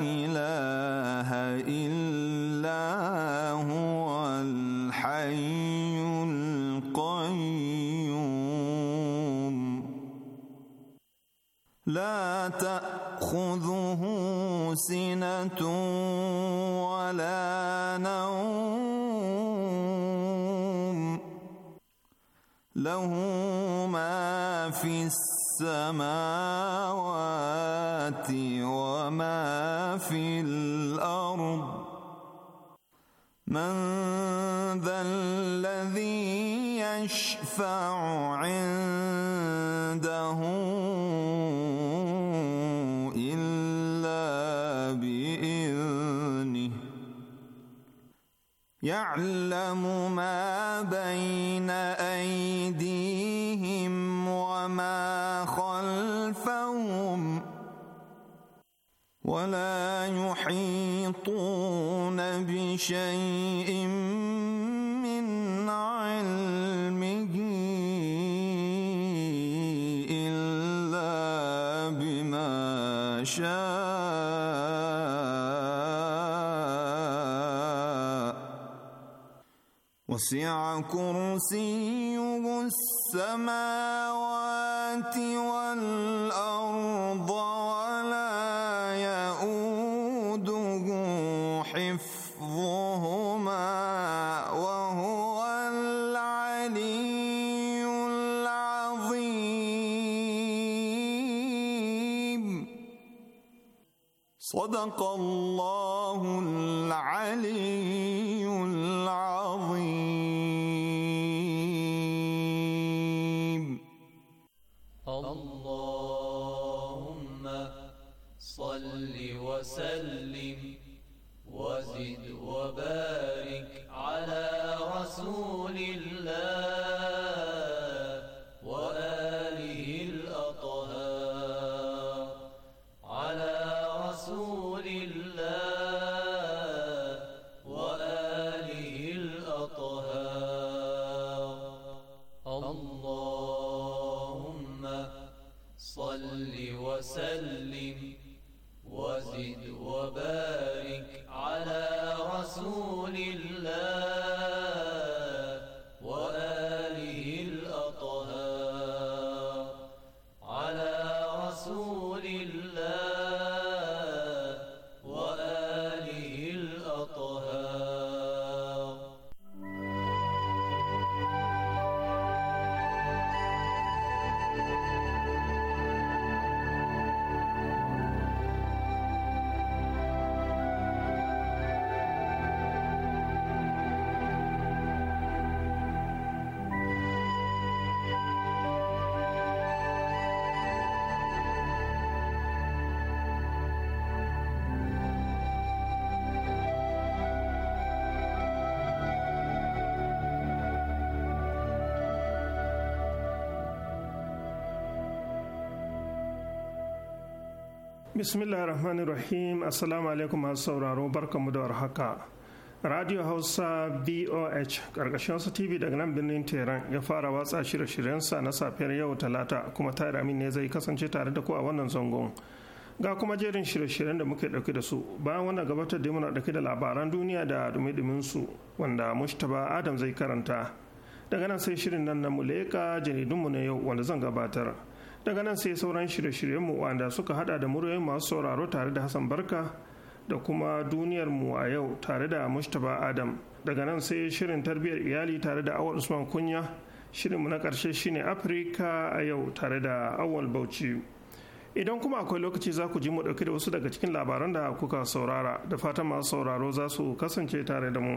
إله إلا هو الحي القيوم لا تأخذه سنة شيء من علمه إلا بما شاء وسع كرسيه السماء bismillahir rahmanir rahim assalamu alaikum masu sauraro barkamu da warhaka radio hausa boh karkashin wasu tv daga nan birnin tehran ya fara watsa shirye-shiryensa na safiyar yau talata kuma tare amin ne zai kasance tare da ku a wannan zangon ga kuma jerin shirye-shiryen da muke dauke da su bayan wannan gabatar da muna dauke da labaran duniya da dumi su wanda mushtaba adam zai karanta daga nan sai shirin nan na muleka jaridunmu na yau wanda zan gabatar daga nan sai sauran shirye-shiryenmu wanda suka hada da muryoyin masu sauraro tare da hassan barka da kuma duniyar mu a yau tare da mustapha adam daga nan sai shirin tarbiyyar iyali tare da awal usman kunya shirinmu na karshe shine afirka a yau tare da awal bauchi idan kuma akwai lokaci za ku ji mu dauki da wasu daga cikin labaran da kuka saurara da fatan masu sauraro za su kasance tare da mu.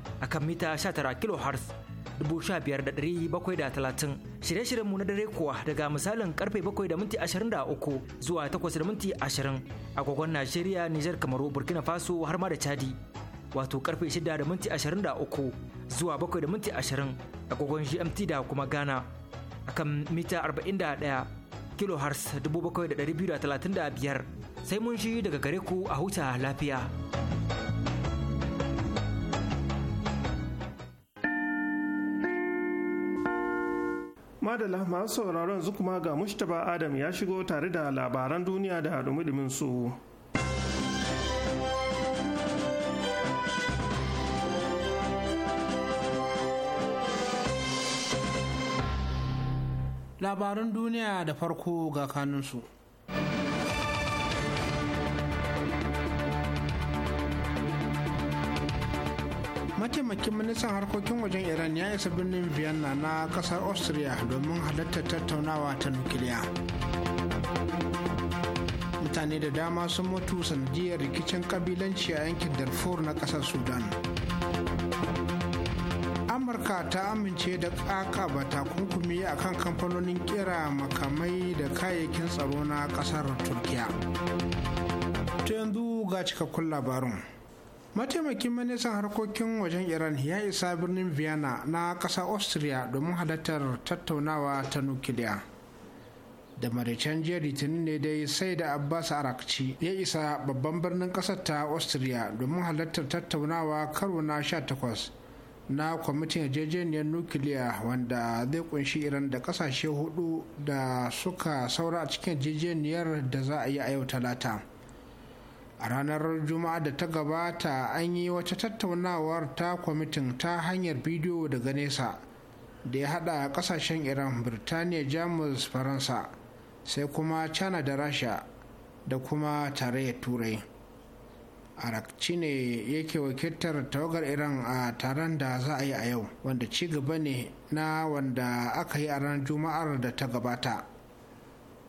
akan mita 19 kilohertz 15730 shirye-shiryenmu na dare kuwa daga misalin karfe 7 da zuwa 8 20 agogon Najeriya, Nijar, Kamaru, Burkina Faso har ma da Chadi. Wato karfe 6:23 da zuwa 7 20 agogon GMT da kuma Ghana. Akan mita 41 da 7235 sai mun shi daga gare ku a huta lafiya. madala masu sauraron yanzu ga Mustapha adam ya shigo tare da labaran duniya da dumi su labaran duniya da farko ga kanunsu mataimakin ministan harkokin wajen iran ya isa birnin vienna na kasar austria domin halartar tattaunawa ta nukiliya mutane da dama sun mutu sanadiyar rikicin kabilanci a yankin darfur na kasar sudan amurka ta amince da kaka ba takunkumi a kan kamfanonin kera makamai da kayayyakin tsaro na kasar turkiya ta yanzu ga cikakkun labarin mataimakin ministan harkokin wajen iran ya isa birnin vienna na ƙasa austria domin halartar tattaunawa ta nukiliya da maraicen jiya litinin ne dai sai da abbas arakci ya isa babban birnin ƙasar ta austria domin halartar tattaunawa karo na 18 na kwamitin yarjejeniyar nukiliya wanda zai kunshi iran da ƙasashe hudu da suka saura a cikin yarjejeniyar da za a yi a yau talata a ranar juma'a da ta gabata an yi wata tattaunawar ta kwamitin ta hanyar bidiyo daga nesa da ya hada kasashen iran birtaniya jamus faransa sai kuma china da rasha da kuma tarayyar turai arakci ne yake wakiltar tawagar iran a taron da za a yi a yau wanda ci gaba ne na wanda aka yi a ranar juma'ar da ta gabata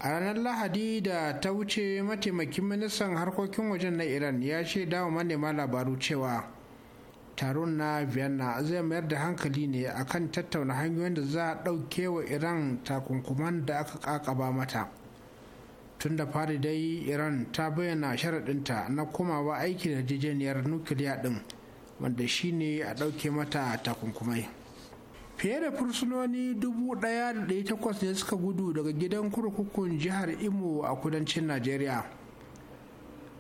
a ranar lahadi da ta wuce mataimakin ministan harkokin wajen na iran ya ce dawa manema labaru cewa taron na vienna zai mayar da hankali ne akan tattauna hanyoyin da za a ɗauke wa iran takunkuman da aka kakaba mata tun da fari dai iran ta bayyana sharaɗinta na komawa aiki da jejeniyar nukiliya ɗin wanda shine a ɗauke mata takunkumai fiye da fursunoni 1,800 ne suka gudu daga gidan kurkukun jihar imo a kudancin najeriya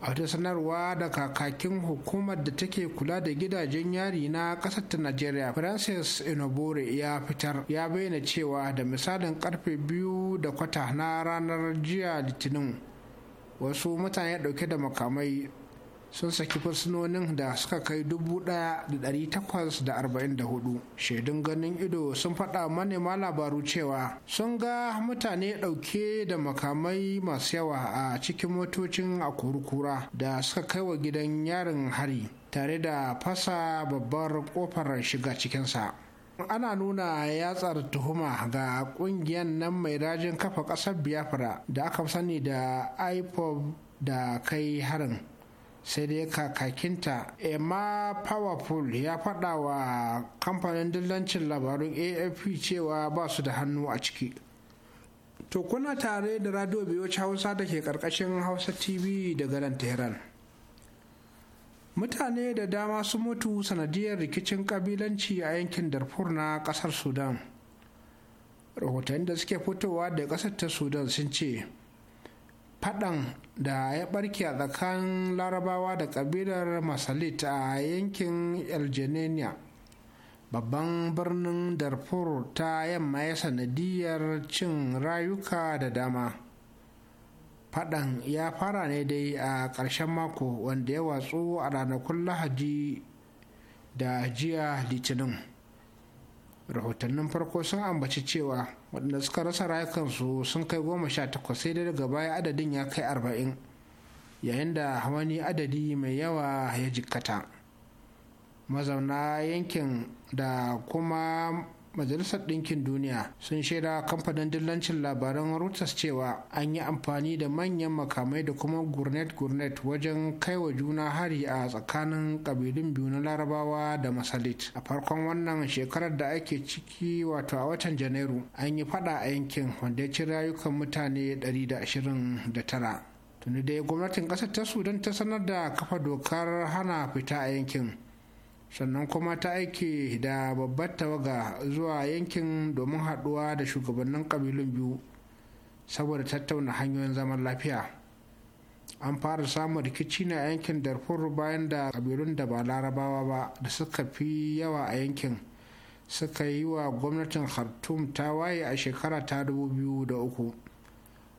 a wata sanarwa da kakakin hukumar da take kula da gidajen yari na kasar ta najeriya francis inobore ya fitar ya bayyana cewa da misalin karfe biyu da kwata na ranar jiya litinin wasu mutane dauke da makamai sun saki fursunonin da suka kai 1,844 shaidun ganin ido sun faɗa manema labaru cewa sun ga mutane ɗauke da makamai masu yawa a cikin motocin a kurkura da suka kai wa gidan yarin hari tare da fasa babbar ƙofar shiga cikinsa ana nuna yatsar tuhuma ga kungiyar nan mai rajin kafa ƙasar biafra da aka sani da ipob da kai harin sai dai kakakinta emma powerful ya faɗa wa kamfanin dillancin labarun afp cewa ba su da hannu a ciki to kuna tare da radio biyoci hausa da ke ƙarƙashin hausa tv daga nan tehran mutane da dama sun mutu sanadiyar rikicin kabilanci a yankin darfur na ƙasar sudan rahotanni da suke fitowa da ƙasar ta sudan sun ce fadan da ya barke a tsakanin larabawa da kabilar masalit a yankin algeria babban birnin darfur ta yamma ya sanadiyar cin rayuka da dama fadan ya fara ne dai a ƙarshen mako wanda ya watsu a ranakun lahadi da jiya litinin rahotannin farko sun ambaci cewa waɗanda suka rasa rayukansu sun kai goma sha takwas sai dai daga baya adadin ya kai arba'in yayin da wani adadi mai yawa ya jikkata mazauna yankin da kuma majalisar ɗinkin duniya sun shaida kamfanin dillancin labaran reuters cewa an yi amfani da manyan makamai da kuma gurnet-gurnet wajen kaiwa juna hari a tsakanin ƙabilun biyu na larabawa da masalit a farkon wannan shekarar da ake ciki wato a watan janairu an yi fada a yankin wanda ya ci rayukan mutane 129 tuni dai gwamnatin ƙasar ta sudan ta sanar da kafa dokar hana fita a yankin sannan kuma ta aike da babbar tawaga zuwa yankin domin haɗuwa da shugabannin ƙabilun biyu saboda tattauna hanyoyin zaman lafiya an fara samun rikici ne a yankin darfur bayan da ƙabilun da ba larabawa ba da suka fi yawa a yankin suka yi wa gwamnatin khartoum ta waye a shekara ta uku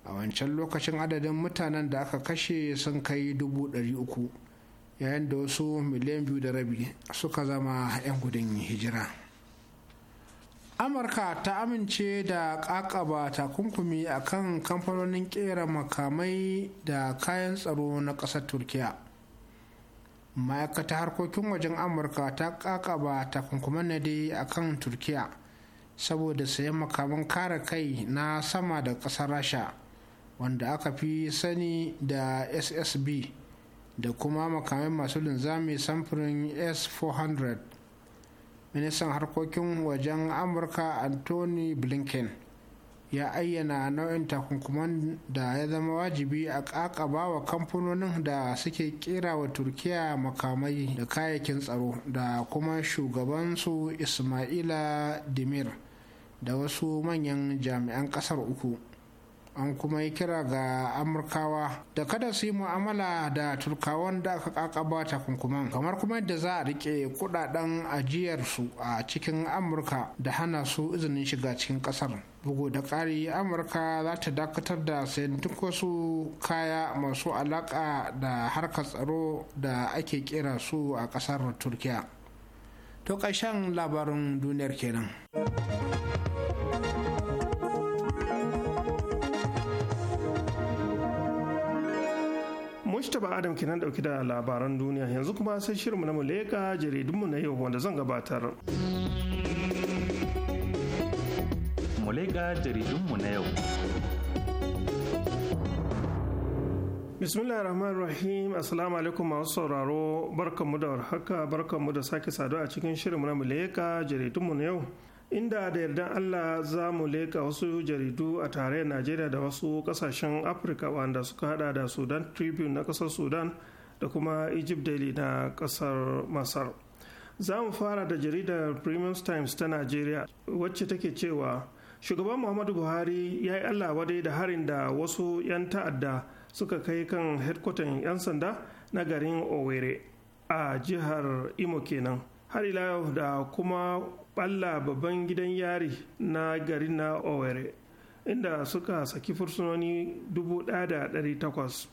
a wancan lokacin adadin mutanen da aka kashe sun kai 300 yayin da wasu miliyan biyu da rabi suka zama 'yan gudun hijira amurka ta amince da kakaba takunkumi a kan kamfanonin kera makamai da kayan tsaro na ƙasar turkiya ma'aikata harkokin wajen amurka ta kakaba takunkuman na dai a kan turkiya saboda sayan makaman kare kai na sama da ƙasar rasha wanda aka fi sani da ssb da kuma makamai masu linzami samfurin s-400 ministan harkokin wajen amurka anthony blinken ya ayyana nau'in takunkuman da ya zama wajibi a kakaba wa kamfanonin da suke kera wa turkiya makamai da kayayyakin tsaro da kuma shugabansu ismaila demir da wasu manyan jami'an ƙasar uku an kuma yi kira ga amurkawa da kada su yi mu'amala da turkawan da aka kakaba kunkuman, kamar kuma yadda za a rike kudaden ajiyarsu a cikin amurka da hana su izinin shiga cikin kasar bugu da ƙari amurka za ta dakatar da sayan duk wasu kaya masu alaƙa da harkar tsaro da ake kera su a ƙasar turkiya to ƙarshen labarin duniyar kenan. ba Adam kenan dauke da labaran duniya yanzu kuma sai shirinmu na muleka jaridunmu na yau wanda zan gabatar. jaridunmu Bismillah rahman rahim assalamu alaikum masu sauraro barkanmu da warhaka barkanmu da sake saduwa a cikin shirinmu na muleka jaridunmu na yau inda da yardan Allah za mu leka wasu jaridu a tarayyar Najeriya da wasu ƙasashen Afirka wanda suka hada da Sudan Tribune na ƙasar Sudan da kuma Egypt Daily na ƙasar Masar. Za mu fara da jaridar Premium Times ta Najeriya wacce take cewa shugaban Muhammadu Buhari ya yi Allah wadai da harin da wasu 'yan ta'adda suka kai kan hedkwatan 'yan sanda na garin Owerri a jihar Imo kenan. har ila yau da kuma balla babban gidan yari na gari na Owerri inda suka saki fursunoni 1,800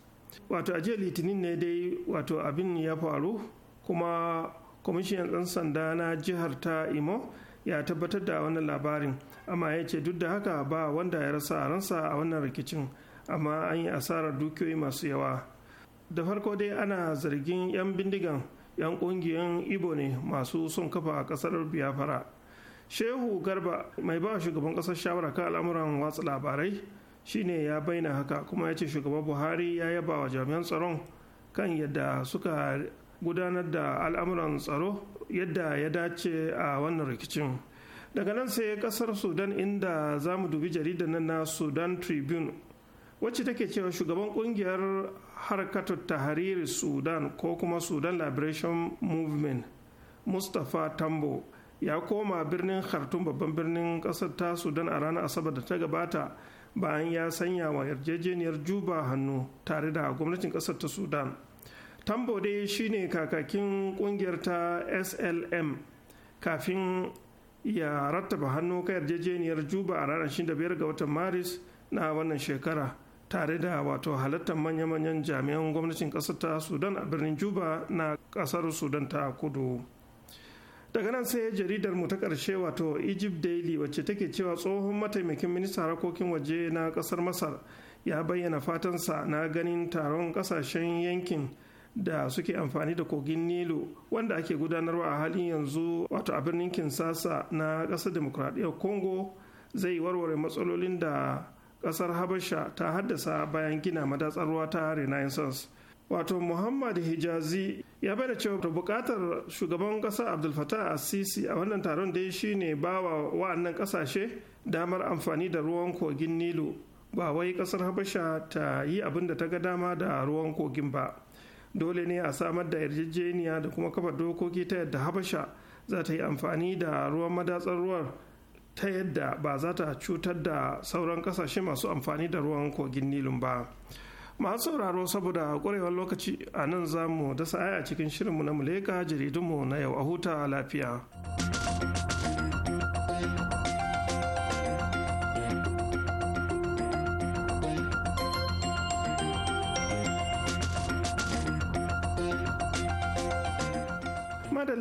wato a jiya litinin ne dai wato abin ya faru kuma kwamishinan ɗan sanda na jihar ta imo ya tabbatar da wannan labarin amma ya ce duk da haka ba wanda ya rasa ransa a wannan rikicin amma an yi asarar dukiyoyi masu yawa da farko dai ana zargin 'yan bindigan 'yan ƙungiyar ibo ne masu son kafa a ƙasar biafra shehu garba mai ba shugaban ƙasar shawara kan al'amuran watsa labarai shine ya bayyana haka kuma ya ce shugaban buhari ya yaba wa jami'an tsaron kan yadda suka gudanar da al'amuran tsaro yadda ya dace a wannan rikicin daga nan sai kasar sudan inda za mu dubi jaridar nan na sudan tribune wacce take cewa shugaban kungiyar harkatar tahariri sudan ko kuma sudan liberation movement mustapha tambo ya koma birnin khartoum babban birnin kasar ta sudan a ranar asabar da ta gabata bayan ya sanya wa yarjejeniyar juba hannu tare da gwamnatin kasar ta sudan tambo dai shine kakakin kungiyar ta slm kafin ya rattaba hannu ka yarjejeniyar juba a ranar 25 ga watan maris na wannan shekara tare da wato halartar manya-manyan jami'an gwamnatin ƙasar ta sudan a birnin juba na ƙasar sudan ta kudu daga nan sai jaridar mu ta ƙarshe wato egypt daily wacce take cewa tsohon mataimakin minista harkokin waje na ƙasar masar ya bayyana fatansa na ganin taron ƙasashen yankin da suke amfani da kogin nilo wanda ake gudanarwa a halin yanzu wato a birnin kinsasa na ƙasar demokradiyyar congo zai warware matsalolin da kasar habasha ta haddasa bayan gina madatsar ruwa ta renaissance wato muhammad hijazi ya bada cewa ta bukatar shugaban kasa abdul fatah assisi a wannan taron dai shine bawa wa'annan kasashe damar amfani da ruwan kogin nilu ba wai kasar habasha ta yi abin da ta ga dama da ruwan kogin ba dole ne a samar da yarjejeniya da kuma kafa dokoki ta yadda habasha za ta yi amfani da ruwan madatsar ruwan. ta yadda ba za ta cutar da sauran kasashe masu amfani da ruwan kogin nilun ba masu sauraro saboda ƙwarewar lokaci a nan za mu dasa aya cikin shirinmu na muleka jaridunmu na yau a huta lafiya.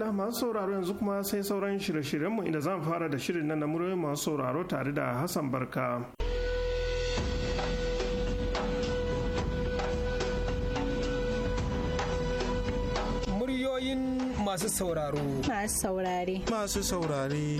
Allah masu sauraro yanzu kuma sai sauran shirye-shiryenmu inda zan fara da shirin nan na muryoyi masu sauraro tare da hassan barka muryoyin masu sauraro masu saurare masu saurare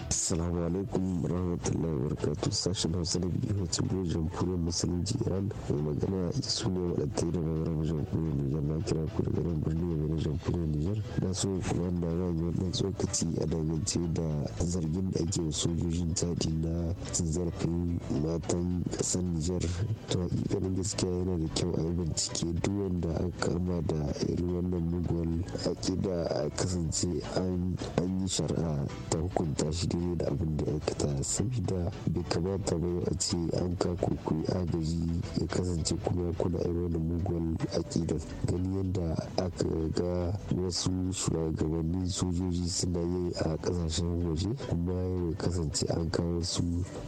Assalamu alaikum rahmatullahi wabarakatuh sashen Hausa da biyu na cibiyar jamhuriyar musulunci Iran mai magana isu ne maɗaɗai da magaram jamhuriyar Nijar na kira ku da garin birni mai na jamhuriyar Nijar na so kuma da zan yi wannan tsokaci a dangance da zargin da ake wa sojojin tadi na cin zarafin matan ƙasar Nijar to hakikanin gaskiya yana da kyau a yi bincike duk wanda aka kama da irin wannan muguwar aƙida a kasance an yi shari'a ta hukunta shi game da abin da aikata saboda bai kamata ba a ce an ka kuku agaji ya kasance kuma kuna irin wani mugun aƙidar gani yadda aka ga wasu shugabannin sojoji suna yi a kasashen waje kuma ya kasance an kawo su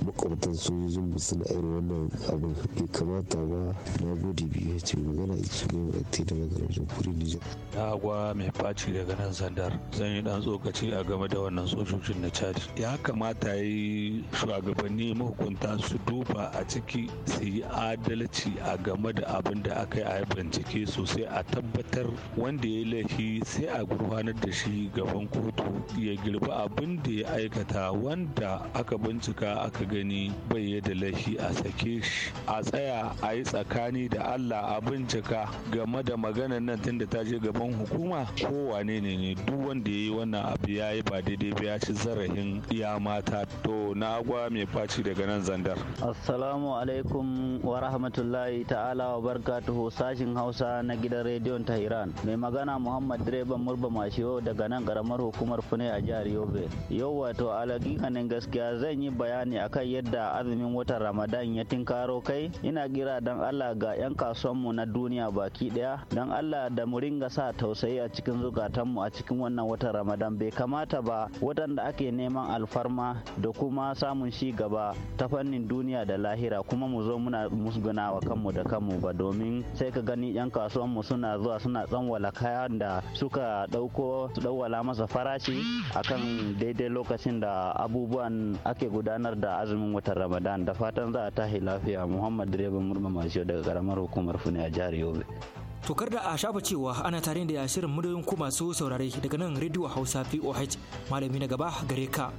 makwabtan sojojin mu suna irin wannan abin bai kamata ba na gode biyu ya ce magana cikin yau a te da magarajin kuri nijar. agwa mai faci daga nan sandar zan yi dan tsokaci a game da wannan sojojin na chad ya kamata ya yi shugabanni mahukunta su duba a ciki su yi adalci a game da abin da aka yi a yi bincike sosai a tabbatar wanda ya yi laifi sai a gurfanar da shi gaban kotu ya girbi abin da ya aikata wanda aka bincika aka gani bai da laifi a sake shi a tsaya a yi tsakani da allah a bincika game da maganar nan tun da ta je gaban hukuma ko ne ne duk wanda ya yi wannan abu ya yi ba daidai ba ya ci zarafin iya mata to na agwa mai faci daga nan zandar assalamu alaikum wa rahmatullahi ta'ala wa barakatuhu sashin hausa na gidan rediyon tahiran mai magana muhammad direban murba mashiyo daga nan karamar hukumar fune a jihar yobe yau wato kanin gaskiya zan yi bayani akan yadda azumin watan ramadan ya tinkaro kai ina gira dan allah ga 'yan kasuwanmu na duniya baki ɗaya dan allah da mu ringa sa tausayi a cikin zukatanmu a cikin wannan watan ramadan bai kamata ba waɗanda ake neman alfarma da kuma samun shi gaba ta fannin duniya da lahira kuma mu zo muna musguna wa kanmu da kanmu ba domin sai ka gani yan mu suna zuwa suna tsanwala kayan da suka dauko su ɗauwala masa farashi akan daidai lokacin da abubuwan ake gudanar da azumin watan ramadan da fatan za a tahi lafiya muhammad direban murma masu daga karamar hukumar fune a jihar yobe Tokar da a shafa cewa ana tare da shirin madoyin ku masu saurare daga nan Radio Hausa VOH malami na gaba gare ka.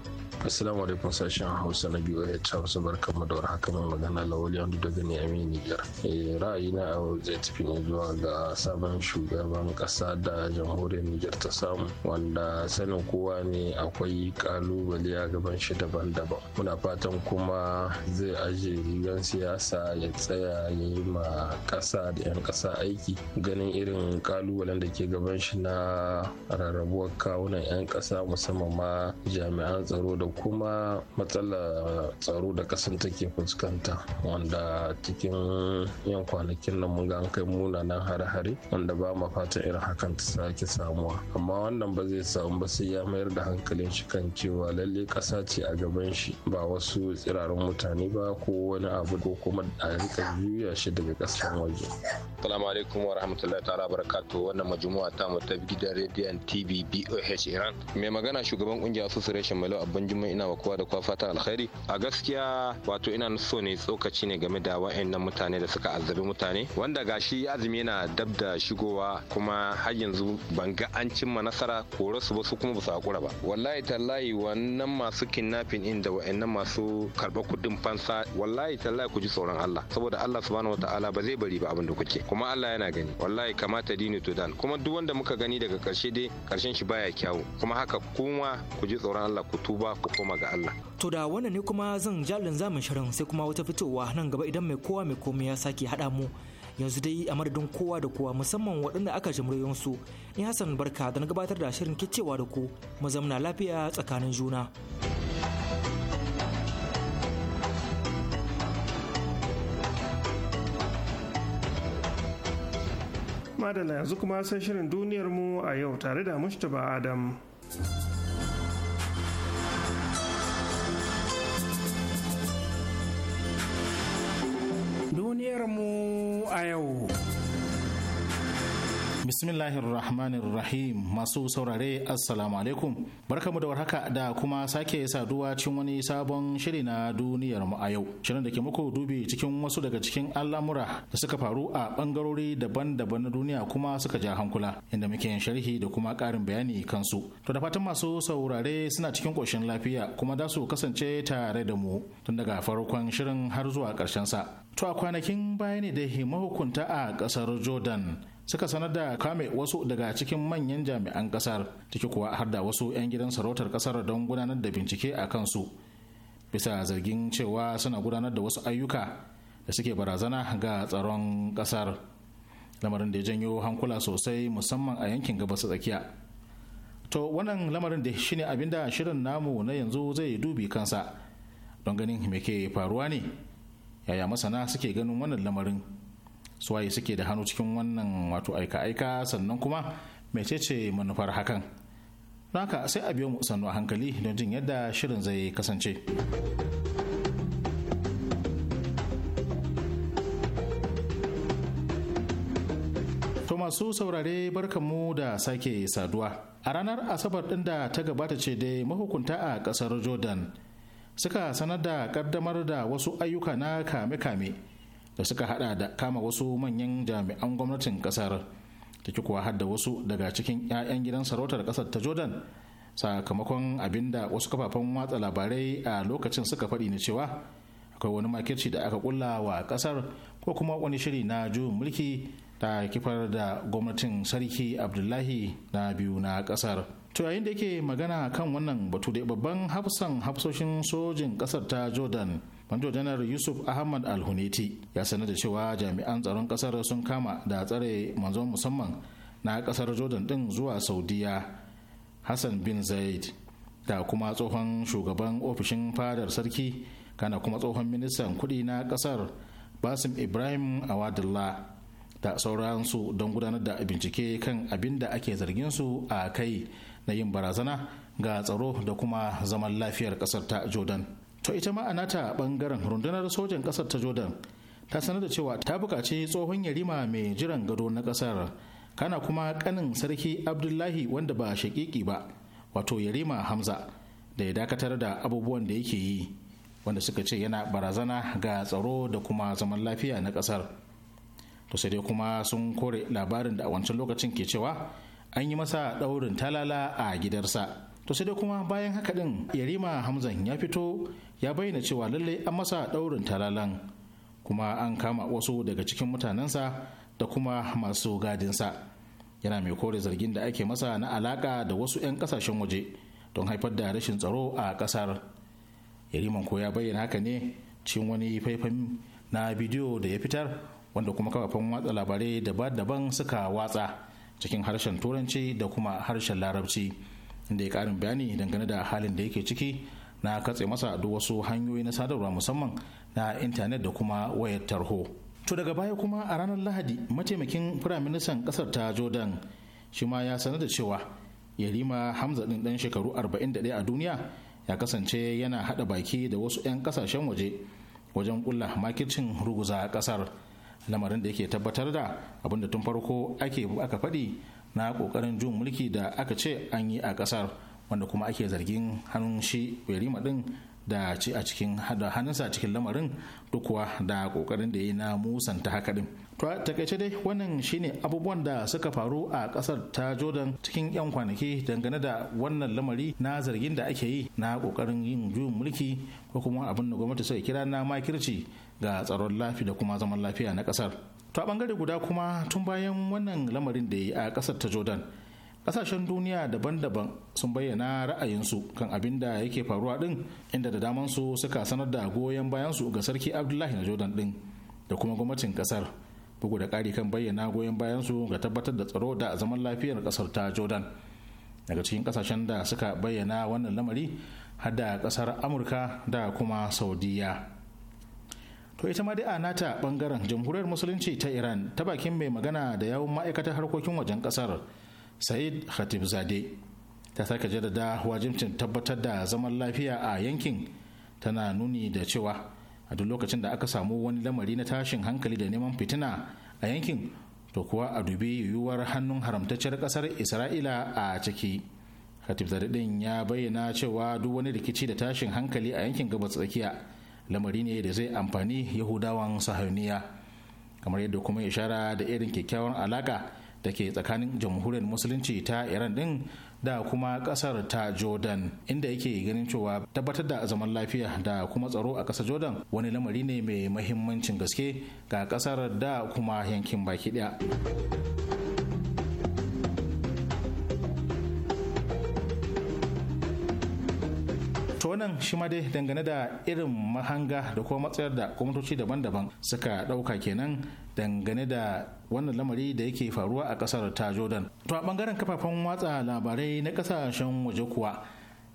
Assalamu alaikum sashen Hausa na biyu ya eh, ta wasu kama da warhaka mai magana Lawali Andu daga Niamey Niger. Eh, ra'ayina a zai tafi ne zuwa ga sabon shugaban kasa da jamhuriyar Nijar ta samu wanda sanin kowa ne akwai kalubale a gaban shi daban-daban. Muna fatan kuma zai aje rigar siyasa ya tsaya ya yi ma kasa da 'yan kasa aiki ganin irin kalubalen da ke gaban shi na rarrabuwar kawunan 'yan kasa musamman ma jami'an tsaro da kuma matsalar tsaro da kasan take fuskanta wanda cikin yan kwanakin nan mun ga an kai munanan hare-hare wanda ba ma fatan irin hakan ta sake samuwa amma wannan ba zai samu ba sai ya mayar da hankalin shi kan cewa lalle ƙasa ce a gaban shi ba wasu tsirarin mutane ba ko wani abu ko kuma a rika juya shi daga ƙasar waje. Assalamu alaikum wa rahmatullahi ta'ala barakatu wannan majmu'a ta mu ta gidan rediyon TV BOH Iran. Mai magana shugaban kungiyar Association Malau Abban kuma ina wa kowa da kowa fatan alkhairi a gaskiya wato ina so ne tsokaci ne game da wa'annan mutane da suka azabi mutane wanda gashi azumi yana dab da shigowa kuma har yanzu ban ga an cimma nasara kore su ba su kuma ba su hakura ba wallahi tallahi wannan masu kidnapping din da wa'annan masu karɓar kudin fansa wallahi tallahi ku ji tsoron Allah saboda Allah subhanahu wataala ba zai bari ba abin da kuke kuma Allah yana gani wallahi kamata dini to dan kuma duk wanda muka gani daga karshe dai karshen shi baya kyawu kuma haka kuma ku ji tsoron Allah ku tuba ku koma ga Allah to da wannan ne kuma zan jalin zamin shirin sai kuma wata fitowa nan gaba idan mai kowa mai komai ya sake haɗa mu yanzu dai a madadin kowa da kowa musamman waɗanda aka jimriyon su ni Hassan Barka da na gabatar da shirin kicewa da ku mu zamna lafiya tsakanin juna madala yanzu kuma sai shirin duniyarmu a yau tare da mustapha adam mu a yau. Bismillahirrahmanirrahim masu saurare assalamu alaikum barkamu da warhaka da kuma sake saduwa cikin wani sabon shiri na duniyar mu a yau shirin da ke muku dubi cikin wasu daga cikin al'amura da suka faru a bangarori daban-daban na duniya kuma suka ja hankula inda muke yin sharhi da kuma karin bayani kansu to da fatan masu saurare suna cikin koshin lafiya kuma da su kasance tare da mu tun daga farkon shirin har zuwa karshen sa to a kwanakin baya ne da mahukunta a kasar Jordan suka sanar da kame wasu daga cikin manyan jami'an kasar ciki kuwa har da wasu 'yan gidan sarautar kasar don gudanar da bincike a kansu bisa zargin cewa suna gudanar da wasu ayyuka da suke barazana ga tsaron kasar lamarin da ya janyo hankula sosai musamman a yankin gabas tsakiya to wannan lamarin da shine da shirin namu na yanzu zai dubi kansa don ganin me ke faruwa ne yaya masana suke ganin wannan lamarin suwaye suke da hannu cikin wannan wato aika-aika sannan kuma mecece manufar hakan don haka sai a biyo mu sannu a hankali don jin yadda shirin zai kasance To masu saurare barkanmu da sake saduwa. A ranar Asabar ɗin da ta gabata ce dai mahukunta a ƙasar Jordan suka sanar da ƙaddamar da wasu ayyuka na kame-kame da suka hada da kama wasu manyan jami'an gwamnatin kasar ki kuwa hadda wasu daga cikin 'ya'yan gidan sarautar kasar ta jordan sakamakon abinda wasu kafafen watsa labarai a lokacin suka faɗi na cewa akwai wani makirci da aka kulla wa kasar ko kuma wani shiri na juyin mulki ta kifar da gwamnatin sarki abdullahi na biyu na kasar to yayin da yake magana kan wannan batu da babban hafsan hafsoshin sojin kasar ta jordan manjo janar yusuf ahmad alhuneti ya sanar da cewa jami'an tsaron kasar sun kama da tsare manzon musamman na kasar jordan din zuwa saudiya hassan bin zaid da kuma tsohon shugaban ofishin fadar sarki kana kuma tsohon ministan kudi na kasar basim ibrahim awadullah da sauransu don gudanar da bincike kan abin da ake zargin su a kai na yin barazana ga tsaro da kuma zaman lafiyar kasar ta jordan to ita ma a nata bangaren rundunar sojan kasar ta jordan ta sanar da cewa ta bukaci tsohon yarima mai jiran gado na kasar kana kuma kanin sarki abdullahi wanda ba shakiki ba wato yarima hamza da ya dakatar da abubuwan da yake yi wanda suka ce yana barazana ga tsaro da kuma zaman lafiya na kasar to sai dai kuma sun kore labarin da a wancan lokacin ke cewa an yi masa ɗaurin talala a gidarsa to sai dai kuma bayan haka din yarima hamzan ya fito ya bayyana cewa lallai an masa daurin talalan kuma an kama wasu daga cikin mutanensa da kuma masu gadinsa yana mai kore zargin da ake masa na alaka da wasu 'yan kasashen waje don haifar da rashin tsaro a kasar yariman ko ya bayyana haka ne cikin wani faifan na bidiyo da ya fitar wanda kuma kafafen watsa labarai daban-daban suka watsa cikin harshen turanci da kuma harshen larabci. inda ya karin bayani dangane da halin da yake ciki na katse masa duk wasu hanyoyi na sadarwa musamman na intanet da kuma wayar tarho to daga baya kuma a ranar lahadi mataimakin firaministan kasar ta jordan shi ma ya sanar da cewa yarima hamza din dan shekaru 41 a duniya ya kasance yana hada baki da wasu 'yan kasashen waje wajen kulla makircin ruguza kasar lamarin da yake tabbatar da abinda tun farko ake aka faɗi na kokarin jin mulki da aka ce an yi a kasar wanda kuma ake zargin hannun shi werima din da ci a cikin da hannunsa cikin lamarin duk da kokarin da ya na musanta haka din to takaice dai wannan shine abubuwan da suka faru a kasar ta jordan cikin yan kwanaki dangane da wannan lamari na zargin da ake yi na kokarin yin juyin mulki ko kuma abin da gwamnati suka kira na makirci ga tsaron lafi da kuma zaman lafiya na kasar to a bangare guda kuma tun bayan wannan lamarin da ya yi a kasar ta jordan kasashen duniya daban-daban sun bayyana ra'ayinsu kan abin da yake faruwa din inda da damansu suka sanar da goyon bayansu ga sarki abdullahi na jordan din da kuma gwamnatin kasar bugu da ƙari kan bayyana goyon bayansu ga tabbatar da tsaro da zaman lafiyar kasar ta jordan daga cikin kasashen da suka bayyana wannan lamari har da kasar amurka da kuma saudiya To ita ma dai a nata bangaren jamhuriyar musulunci ta Iran ta bakin mai magana da yawun ma'aikatar harkokin wajen kasar Said Zade ta sake jaddada wajibcin tabbatar da zaman lafiya a yankin tana nuni da cewa a duk lokacin da aka samu wani lamari na tashin hankali da neman fitina a yankin to kuwa a dubi yiwuwar hannun haramtacciyar kasar Isra'ila a ciki. Zade din ya bayyana cewa duk wani rikici da tashin hankali a yankin gabas tsakiya lamari ne da zai amfani yahudawan sahauniya kamar yadda kuma ishara da irin kyakkyawan alaka da ke tsakanin jamhuriyar musulunci ta iran din da kuma kasar ta jordan inda yake ganin cewa tabbatar da zaman lafiya da kuma tsaro a kasar jordan wani lamari ne mai mahimmancin gaske ga kasar da kuma yankin baki daya shi ma dai dangane da irin mahanga da kuma matsayar da gwamnatoci daban-daban suka ɗauka kenan dangane da wannan lamari da yake faruwa a ƙasar ta jordan to a ɓangaren kafafen watsa labarai na kasashen waje kuwa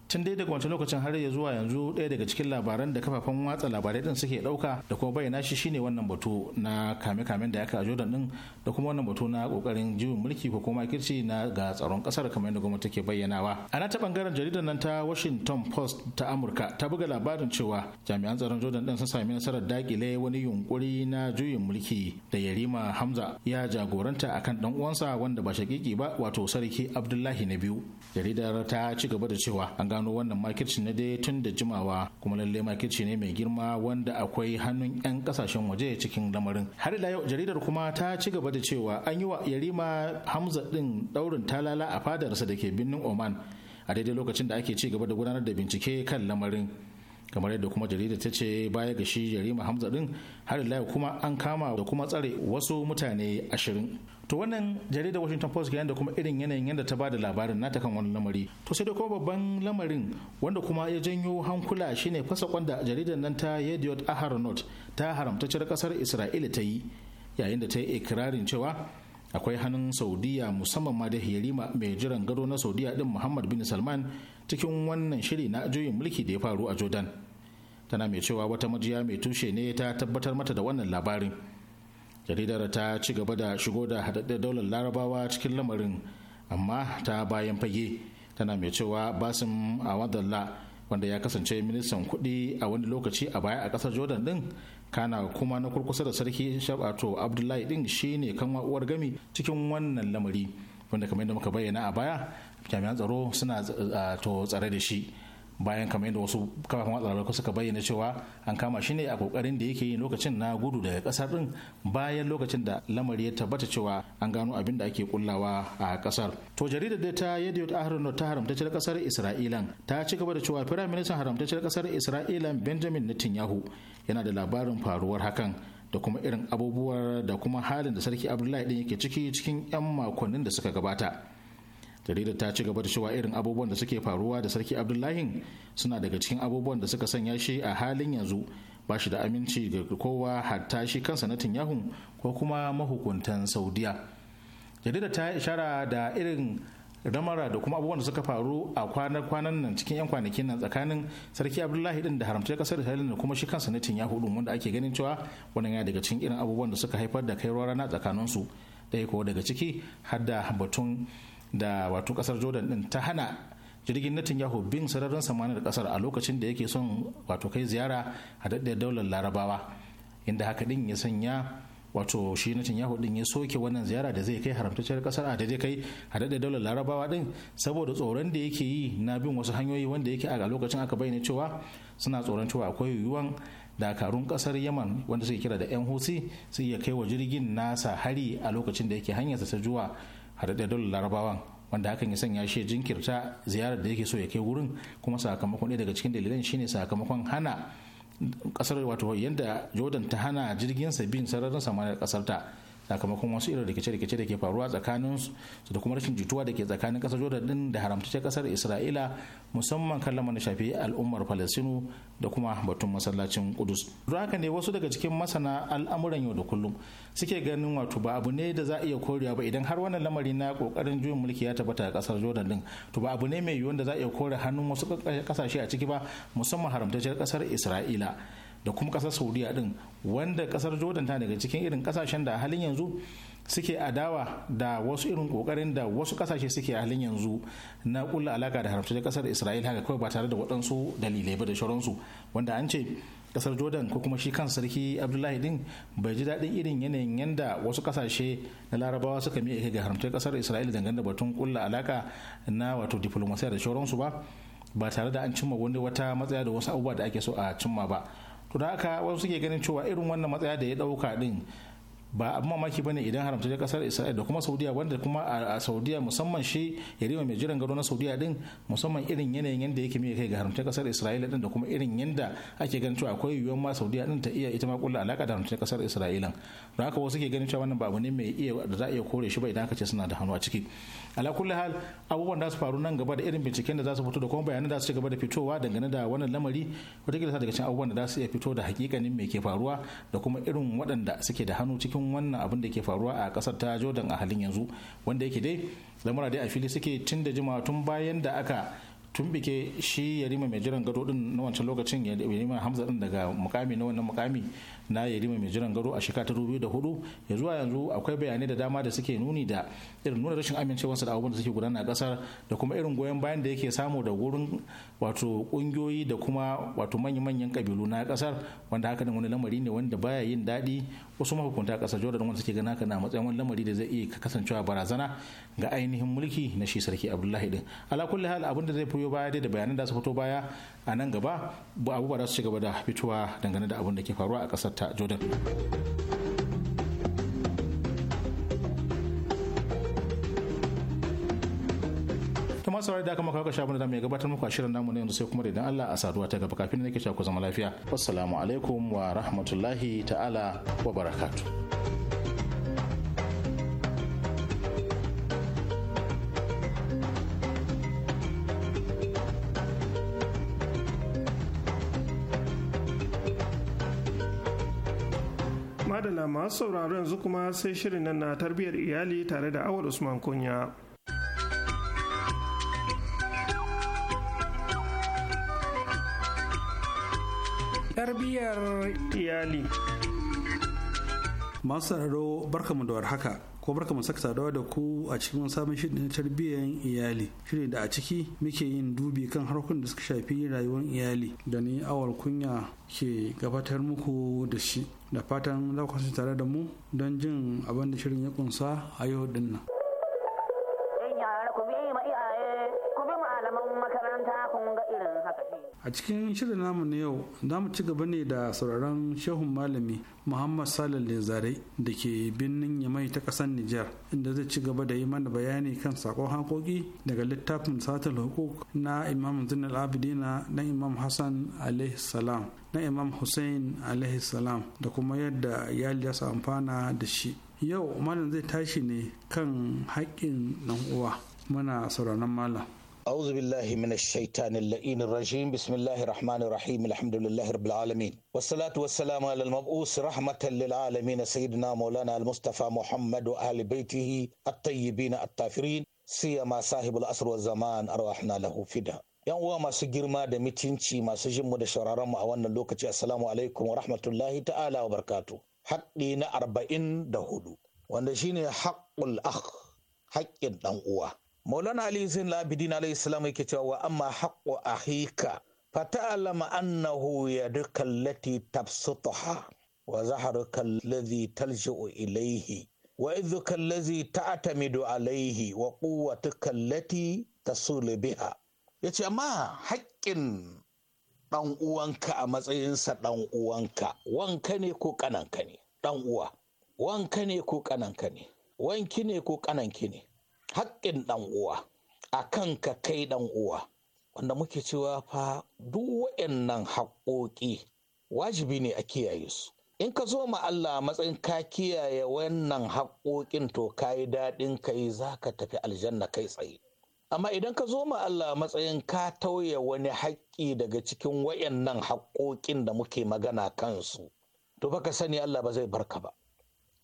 tun dai daga wancan lokacin har ya zuwa yanzu ɗaya daga cikin labaran da kafafen watsa labarai din suke ɗauka da kuma bayyana shi shine wannan batu na kame-kamen da aka a jordan ɗin, da kuma wannan batu na kokarin juyin mulki ko kuma kirci na ga tsaron kasar kamar yadda gwamnati take bayyanawa a ta bangaren jaridar nan ta washington post ta amurka ta buga labarin cewa jami'an tsaron jordan ɗin sun sami nasarar dakile wani yunkuri na juyin mulki da yarima hamza ya jagoranta akan ɗan uwansa wanda ba shakiki ba wato sarki abdullahi na biyu jaridar ta ci gaba da cewa an gano wannan makirci na dai tun da jimawa kuma lalle makirci ne mai girma wanda akwai hannun 'yan kasashen waje cikin lamarin har ila yau jaridar kuma ta ci gaba da cewa an yi wa yarima hamza din daurin talala a fadarsa da ke birnin oman a daidai lokacin da ake ci gaba da gudanar da bincike kan lamarin kamar yadda kuma jarida ta ce baya ga shi jarima hamza din har ila kuma an kama da kuma tsare wasu mutane ashirin to wannan jaridar washington post kenan da kuma irin yanayin yadda ta bada labarin nata kan wani lamari to sai da kuma babban lamarin wanda kuma ya janyo hankula shine fasa kwanda jaridar nan ta yediot aharonot ta haramtacciyar kasar isra'ila ta yi yayin da ta yi ikirarin cewa akwai hannun saudiya musamman ma da yarima mai jiran gado na saudiya din muhammad bin salman cikin wannan shiri na juyin mulki da ya faru a jordan tana mai cewa wata majiya mai tushe ne ta tabbatar mata da wannan labarin jaridar ta ci gaba da shigo da haɗaɗɗen daular larabawa cikin lamarin amma ta bayan fage tana mai cewa basim awadalla wanda ya kasance ministan kuɗi a wani lokaci a baya a ƙasar jordan ɗin kana kuma na kurkusa da sarki shabato abdullahi ɗin shine kanwa uwar gami cikin wannan lamari wanda kamar yadda muka bayyana a baya jami'an tsaro suna to tsare da shi bayan kamar yadda wasu kafafen watsa labarai suka bayyana cewa an kama shi ne a kokarin da yake yi lokacin na gudu daga kasar din bayan lokacin da lamari ya tabbata cewa an gano abin da ake kullawa a kasar to jaridar da ta yadda ahrono ta haramtacciyar kasar Isra'ila ta ci gaba da cewa Firaministan ministan haramtacciyar kasar isra'ilan benjamin netanyahu yana da labarin faruwar hakan da kuma irin abubuwar da kuma halin da sarki abdullahi din yake ciki cikin 'yan makonnin da suka gabata jaridar ta ci gaba da cewa irin abubuwan da suke faruwa da sarki abdullahi suna daga cikin abubuwan da suka sanya shi a halin yanzu ba shi da aminci ga kowa hatta shi kansa na tinyahu ko kuma mahukuntan saudiya jaridar ta ishara da irin ramara da kuma abubuwan da suka faru a kwanar kwanan nan cikin yan kwanakin nan tsakanin sarki abdullahi din da haramta kasar isra'ila da kuma shi kansa na tinya hudu wanda ake ganin cewa wani ya daga cikin irin abubuwan da suka haifar da kai rana tsakanin su daya ko daga ciki har da batun da wato kasar jordan din ta hana jirgin yahu bin sararin da kasar a lokacin da yake son wato kai ziyara a daɗaɗɗiyar daular larabawa inda haka din ya sanya wato shi na Netanyahu din ya soke wannan ziyara da zai kai haramtacciyar kasar a daidai kai a daidai daular larabawa din saboda tsoron da yake yi na bin wasu hanyoyi wanda yake a lokacin aka bayyana cewa suna tsoron cewa akwai yiwuwan dakarun kasar yaman wanda suke kira da yan husi su iya kai wa jirgin nasa hari a lokacin da yake hanyarsa ta zuwa haɗaɗɗe daular larabawan wanda hakan ya sanya shi jinkirta ziyarar da yake so ya kai wurin kuma sakamakon ɗaya daga cikin dalilan shine sakamakon hana kasar wato yadda jordan ta hana jirgin sa bin sararin samaniyar kasar ta sakamakon wasu irin rikice-rikice da ke faruwa tsakanin su da kuma rashin jituwa da ke tsakanin kasar jordan din da haramtacce kasar isra'ila musamman kan lamarin shafi al'ummar falastinu da kuma batun masallacin kudus don haka ne wasu daga cikin masana al'amuran yau da kullum suke ganin wato ba abu ne da za a iya korewa ba idan har wannan lamari na kokarin juyin mulki ya tabbata a kasar jordan din to ba abu ne mai yiwuwan da za a iya kore hannun wasu kasashe a ciki ba musamman haramtacciyar kasar isra'ila da kuma kasar saudiya din wanda kasar jordan ta daga cikin irin kasashen da halin yanzu suke adawa da wasu irin kokarin da wasu kasashe suke a halin yanzu na kulla alaka da da kasar isra'il haka kawai ba tare da waɗansu dalilai ba da shauransu wanda an ce kasar jordan ko kuma shi kan sarki abdullahi din bai ji daɗin irin yanayin yanda wasu kasashe na larabawa suka miƙa ga da kasar isra'il dangane da batun kulla alaka na wato diplomasiya da shauransu ba ba tare da an cimma wani wata matsaya da wasu abubuwa da ake so a cimma ba to da wasu suke ganin cewa irin wannan matsaya da ya dauka din ba abu mamaki bane idan haramta kasar isra'il da kuma saudiya wanda kuma a saudiya musamman shi rima mai jiran gado na saudiya din musamman irin yanayin yadda yake mai kai ga haramta kasar isra'ila din da kuma irin yadda ake ganin cewa akwai yiwuwar ma saudiya din ta iya ita ma kulla alaka da haramta kasar isra'ila don haka wasu ke ganin cewa wannan ba abu ne mai iya da za a iya kore shi ba idan aka ce suna da hannu a ciki ala kulli hal abubuwan da su faru nan gaba da irin binciken da za su fito da kuma bayanan da su ci gaba da fitowa dangane da wannan lamari wataƙila daga cikin abubuwan da za su iya fito da hakikanin me ke faruwa da kuma irin waɗanda suke da hannu cikin tun wannan abin da ke faruwa a kasar ta jordan a halin yanzu wanda yake dai lamura dai a fili suke tun da jimawa tun bayan da aka tumbike shi yarima mai jiran gado din na wancan lokacin yarima hamza din daga mukami na wannan mukami na yarima mai jiran gado a shekara ta dubu da hudu ya zuwa yanzu akwai bayanai da dama da suke nuni da irin nuna rashin amincewarsa da abubuwan da suke gudana a kasar da kuma irin goyon bayan da yake samu da wurin wato kungiyoyi da kuma wato manya-manyan kabilu na kasar wanda haka wani lamari ne wanda baya yin daɗi wasu mahukunta kasar jordan wanda suke gana na matsayin wani lamari da zai iya kasancewa barazana ga ainihin mulki na shi sarki abdullahi din ala kulli hal abin da zai fito baya dai da bayanan da su fito baya a nan gaba abubuwa za su ci gaba da fitowa dangane da abin da ke faruwa a kasar ta jordan to masu da aka maka shafin da mai gabatar muku a shirin namu na yanzu sai kuma da Allah a saduwa ta gaba kafin nake ku zama lafiya wassalamu alaikum wa rahmatullahi ta'ala wa barakatuh madala masu sauraro yanzu kuma sai shirin nan na tarbiyyar iyali tare da awar usman kunya tarbiyyar iyali masu barka barkamu da warhaka ko barka barkamu saka saduwa da ku a cikin sabon shirin na tarbiyyar iyali shirin da a ciki muke yin dubi kan harkun da suka shafi rayuwar iyali da ni awal kunya ke gabatar muku da shi da fatan za ku tare da mu don jin abin da shirin ya kunsa a yau dinnan. a cikin shirin namu na yau za mu ci gaba ne da sauraron shehun malami muhammad salil lezare da ke birnin yamai ta kasar nijar inda zai ci gaba da yi mana bayani kan sakon hankoki daga littafin satar hukuk na imam zinal abidina na imam hassan alaihi salam na imam hussein alaihi salam da kuma yadda iyali ya amfana da shi yau malam zai tashi ne kan haƙƙin uwa muna sauraron malam أعوذ بالله من الشيطان اللئين الرجيم بسم الله الرحمن الرحيم الحمد لله رب العالمين والصلاة والسلام على المبعوث رحمة للعالمين سيدنا مولانا المصطفى محمد وآل بيته الطيبين الطاهرين سيما صاحب الأسر والزمان أرواحنا له فداء yan uwa masu girma da mutunci masu jinmu da shauraronmu a wannan lokaci assalamu alaikum wa rahmatullahi ta'ala wa barkatu haɗi na arba'in da hudu wanda shine haƙƙul akh haƙƙin ɗan uwa maulana ali zain labidin alayhi salam yake cewa wa amma haqqu ahika fata'lama annahu yaduka allati tabsutaha wa zaharuka alladhi talji'u ilayhi wa idhuka allazi ta'tamidu alayhi wa quwwatuka allati tasulu biha yace amma hakkin dan uwanka a matsayinsa dan uwanka wanka ne ko kananka ne Dan uwa wanka ne ko kananka ne wanki ne ko ƙananki ne haƙƙin ɗan uwa a ka kai ɗan uwa wanda muke cewa fa duk waɗannan haƙoƙi wajibi ne a kiyaye su in ka zo ma Allah matsayin ka kiyaye wannan haƙoƙin to ka yi daɗin ka yi za ka tafi aljanna kai tsaye amma idan ka zo ma Allah matsayin ka tauye wani haƙƙi daga cikin wayannan haƙoƙin da muke magana kansu to baka sani Allah ba zai barka ba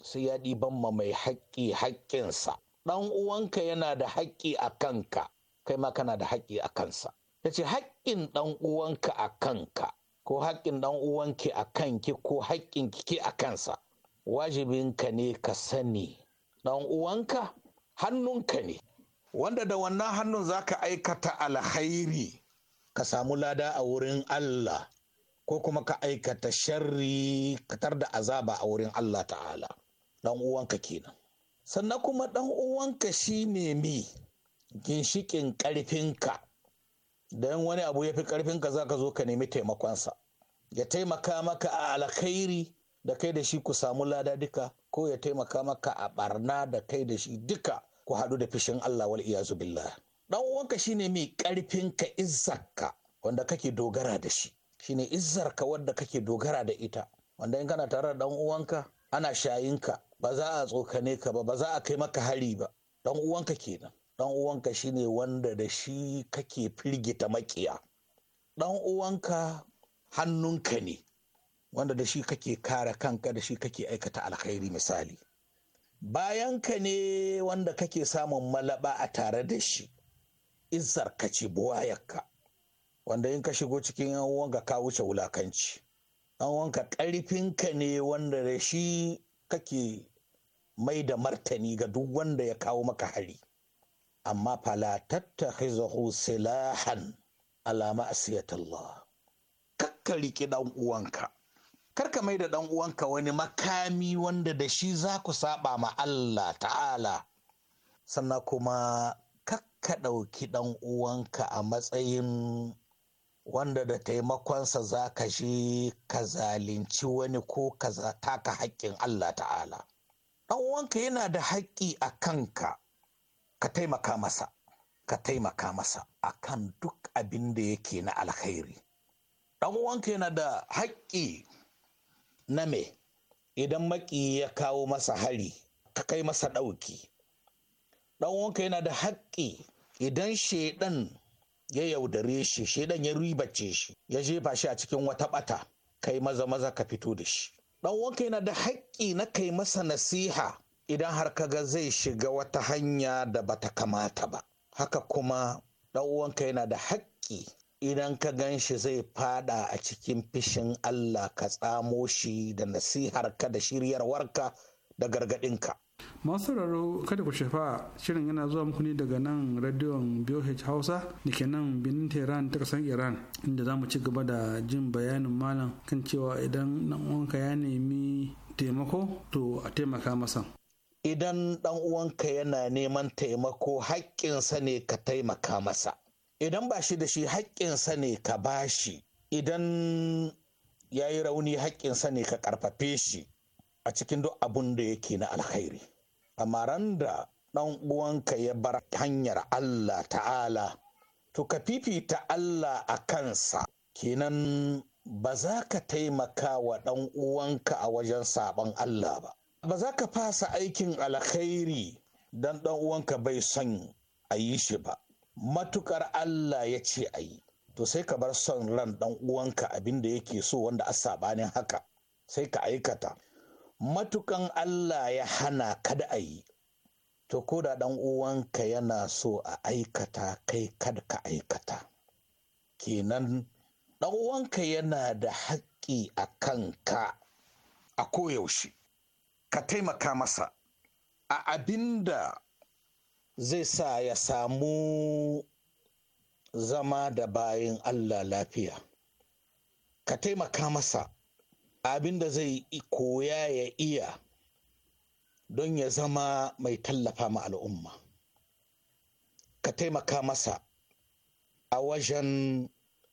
sai ya ɗiban ma mai haƙƙi haƙƙinsa ɗan uwanka yana da haƙƙi a kanka kai ma kana da haƙƙi a kansa ya ce haƙƙin ɗan uwanka a kanka ko haƙƙin ɗan uwanki a kanki ko haƙƙin kike a kansa wajibinka ne ka sani ɗan uwanka hannunka ne wanda da wannan hannun zaka aikata alhairi ka samu lada a wurin Allah ko kuma ka aikata sharri ka tar da azaba a wurin Allah ta'ala ɗan uwanka kenan sannan kuma ɗan uwanka shi ne mi ginshikin ƙarfinka don wani abu ya fi ƙarfinka za ka zo ka nemi taimakonsa ya taimaka maka a alkhairi da kai da shi ku samu lada duka ko ya taimaka maka a barna da kai da shi duka ku haɗu da fishin Allah wal iyazu billah dan uwanka shine mai ƙarfinka izzarka wanda kake dogara da shi shine izzarka wanda kake dogara da ita wanda in kana tare da ɗan uwanka ana shayinka ba za a tsokane ka ba ba za a kai maka hari ba dan uwanka kenan dan uwanka shine wanda da shi kake firgita makiya dan uwanka hannunka ne wanda da shi kake kare kanka da shi kake aikata alkhairi misali bayanka ne wanda kake samun malaba a tare da shi izzar ka ce buwayarka wanda in ka shigo cikin yan uwanka ka wuce wulakanci an uwanka ƙarfinka ne wanda da shi kake mai da martani ga duk wanda ya kawo maka hari amma fala tattakhizahu silahan ala ma'siyatillah kakka riƙe dan uwanka karka mai da dan uwanka wani makami wanda da shi za ku saba ma Allah ta'ala sannan kuma kakka ɗauki dan uwanka a matsayin wanda da taimakonsa za ka shi ka zalunci wani ko ka taka haƙƙin Allah ta'ala. wanka yana da haƙƙi a kanka ka taimaka masa, ka taimaka masa a kan duk abin da yake na alkhairi. wanka yana da haƙƙi na me idan maƙi ya kawo masa hari ka kai masa ɗauki. wanka yana da haƙƙi idan shaidan ya yaudare shi shi dan ya ribace shi ya jefa shi a cikin wata bata kai maza maza ka fito da shi dan yana da haƙƙi na kai masa nasiha idan har kaga zai shiga wata hanya da bata kamata ba haka kuma dan yana da haƙƙi idan ka gan shi zai fada a cikin fishin Allah ka tsamo shi da nasihar ka da shiryarwarka da gargaɗinka masu sauraro kada ku shafa shirin yana zuwa muku ne daga nan radiyon BOH Hausa da ke nan Benin Tehran ta kasan Iran inda za mu ci gaba da jin bayanin malam kan cewa idan dan uwanka ya nemi taimako to a taimaka masa. Idan dan uwanka yana neman taimako haƙƙinsa ne ka taimaka masa. Idan ba shi da shi haƙƙinsa ne ka ba shi Idan ya yi rauni haƙƙinsa ne ka ƙarfafe shi. a cikin duk abun da yake na alkhairi amma ran da ɗan uwanka ya bar hanyar Allah ta'ala to ka fifita Allah a kansa kenan ba za ka taimaka wa ɗan uwanka a wajen saɓon Allah ba ba za ka fasa aikin alkhairi don ɗan uwanka bai son a yi shi ba matukar Allah ya ce a yi to sai ka bar son ran ɗan uwanka abin da yake so wanda a saɓanin haka sai ka aikata matukan Allah ya hana kada a yi to ko da ɗan uwanka yana so a aikata kai kada ka aikata kenan ɗan uwanka yana da haƙƙi a kanka a koyaushe ka taimaka masa a abin da zai sa ya samu zama da bayan Allah lafiya ka taimaka masa abin da zai koya ya iya don ya zama mai tallafa ma al'umma ka taimaka masa a wajen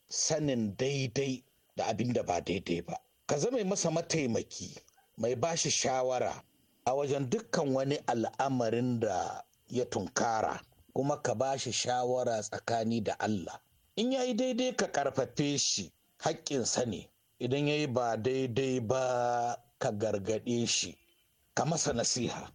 sanin daidai da abin da ba daidai ba ka zama masa mataimaki mai bashi shawara a wajen dukkan wani al'amarin da ya tunkara kuma ka bashi shawara tsakani da Allah in ya yi daidai ka karfafe shi haƙƙinsa ne idan ya yi ba daidai ba ka gargaɗe shi ka masa nasiha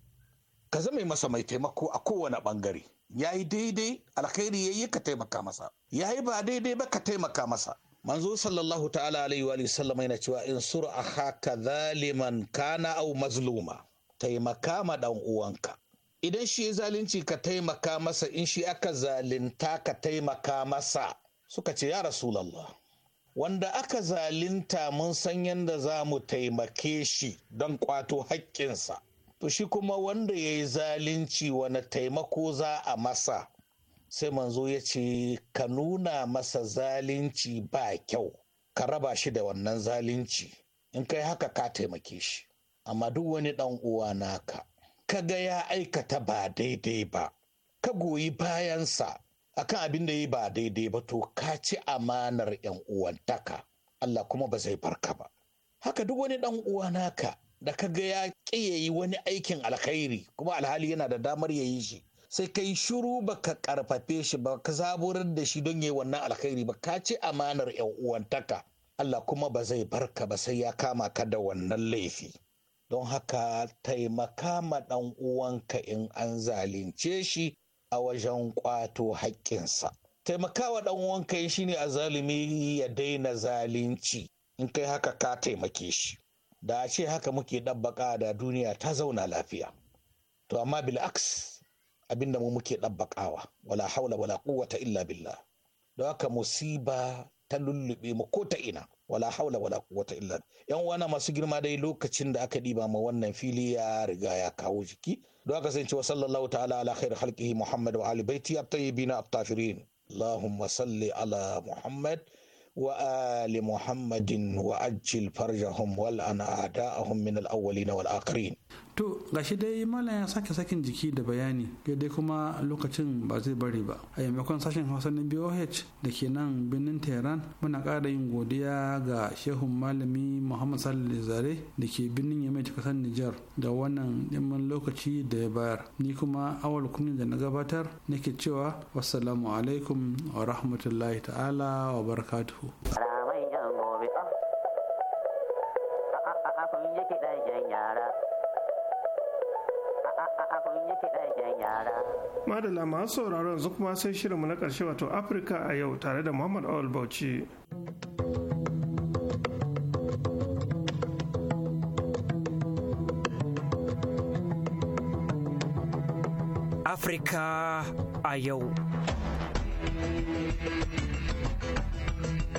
ka zama masa mai taimako a kowane bangare. ya yi daidai alkhairi ya yi ka taimaka masa ya yi ba daidai ba ka taimaka masa manzo sallallahu ta'ala alaihi wa sallam yana cewa in sura haka zaliman kana au mazluma taimaka ma dan uwanka idan shi ya zalunci ka taimaka masa in shi aka zalunta ka taimaka masa suka ce ya rasulallah wanda aka zalinta mun san yadda za mu taimake shi don kwato haƙƙinsa to shi kuma wanda ya yi zalunci wani taimako za a masa sai manzo ya ce ka nuna masa zalunci ba kyau ka raba shi da wannan zalunci in kai haka ka taimake shi amma duk wani ɗan uwa naka ka ga ya aikata ba daidai ba ka goyi bayansa akan abin da yi ba daidai ba to ka ci amanar yan uwantaka Allah kuma ba zai farka ba haka duk wani dan uwa naka da ka ga ya ki yayi wani aikin alkhairi kuma alhali yana da damar ya yi shi sai kai shiru baka karfafe shi ba ka zaburar da shi don yayi wannan alkhairi ba ka ci amanar yan uwantaka Allah kuma ba zai barka ba sai ya kama ka da wannan laifi don haka taimaka ma ɗan uwanka in an zalunce shi a wajen kwato haƙƙinsa. Taimakawa ɗan wanka shi ne a zalimi ya daina zalunci in kai haka ka taimake shi. Da a ce haka muke ɗabbaƙa da duniya ta zauna lafiya. To amma bil'aks abinda mu muke ɗabbaƙawa wala haula wala ƙuwata illa billah. da haka musiba ta lullube mu ko ta ina. wala haula wala quwwata illa yan uwana masu girma dai lokacin da aka diba ma wannan fili ya riga ya kawo jiki don aka sanci wa sallallahu ta'ala ala khair halqihi muhammad wa ali baiti at-tayyibin at-tafirin allahumma salli ala muhammad وآل محمد وعجل فرجهم والأن أعداءهم من wal والآخرين to gashi dai malam ya sake sakin jiki da bayani dai kuma lokacin ba zai bari ba a yammakon sashen hausa na boh da ke nan birnin tehran muna ƙara yin godiya ga shehun malami muhammad salih zare da ke birnin yamai ta kasar nijar da wannan neman lokaci da ya bayar ni kuma awal kunin da na gabatar nake cewa wassalamu alaikum wa rahmatullahi ta'ala wa barakatuhu ah, ah, ah, yara Madala masu sauraro yanzu kuma sai shirinmu na ƙarshe wato Afirka a yau tare da Muhammad Awal Bauchi. Afirka a yau.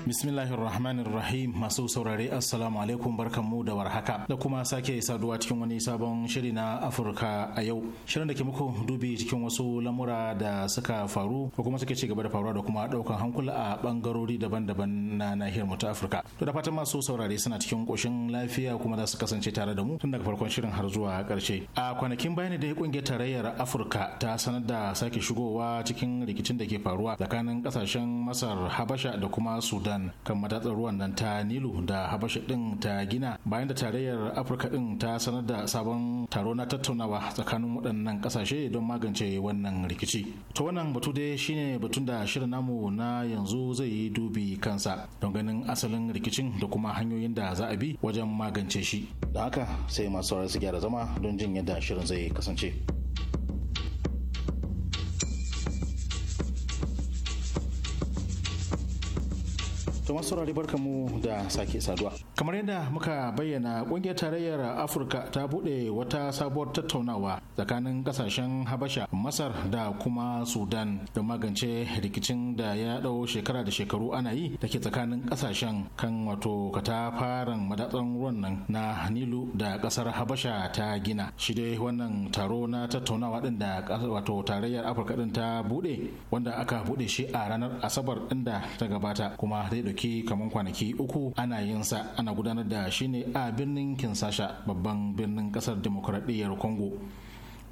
Bismillahirrahmanirrahim masu saurare assalamu alaikum barkanmu da warhaka da kuma sake saduwa cikin wani sabon shiri na Afirka a yau. Shirin da ke muku dubi cikin wasu lamura da suka faru ko kuma suke ci gaba da faruwa da kuma daukan hankula a bangarori daban-daban na nahiyar mu ta Afirka. To da fatan masu saurare suna cikin koshin lafiya kuma za su kasance tare da mu tun daga farkon shirin har zuwa karshe. A kwanakin bayan da kungiyar tarayyar Afirka ta sanar da sake shigowa cikin rikicin da ke faruwa tsakanin kasashen Masar, Habasha da kuma Sudan sudan kan matatsar ruwan nan ta nilu da habasha din ta gina bayan da tarayyar afirka din ta sanar da sabon taro na tattaunawa tsakanin waɗannan ƙasashe don magance wannan rikici to wannan batu dai shine batun da shirin namu na yanzu zai yi dubi kansa don ganin asalin rikicin da kuma hanyoyin da za a bi wajen magance shi da haka sai masu su gyara zama don jin yadda shirin zai kasance. To masu saurari barkamu da sake saduwa. Kamar yadda muka bayyana ƙungiyar tarayyar Afirka ta buɗe wata sabuwar tattaunawa tsakanin ƙasashen Habasha, Masar da kuma Sudan da magance rikicin da ya ɗau shekara da shekaru ana yi da ke tsakanin ƙasashen kan wato katafaren madatsan ruwan nan na Nilu da ƙasar Habasha ta gina. Shi dai wannan taro na tattaunawa ɗin da wato tarayyar Afirka ɗin ta buɗe wanda aka buɗe shi a ranar Asabar ɗin da ta gabata kuma zai ciki kamar kwanaki uku ana yin sa ana gudanar da shi ne a birnin Kinsasha babban birnin kasar demokuraɗiyyar kongo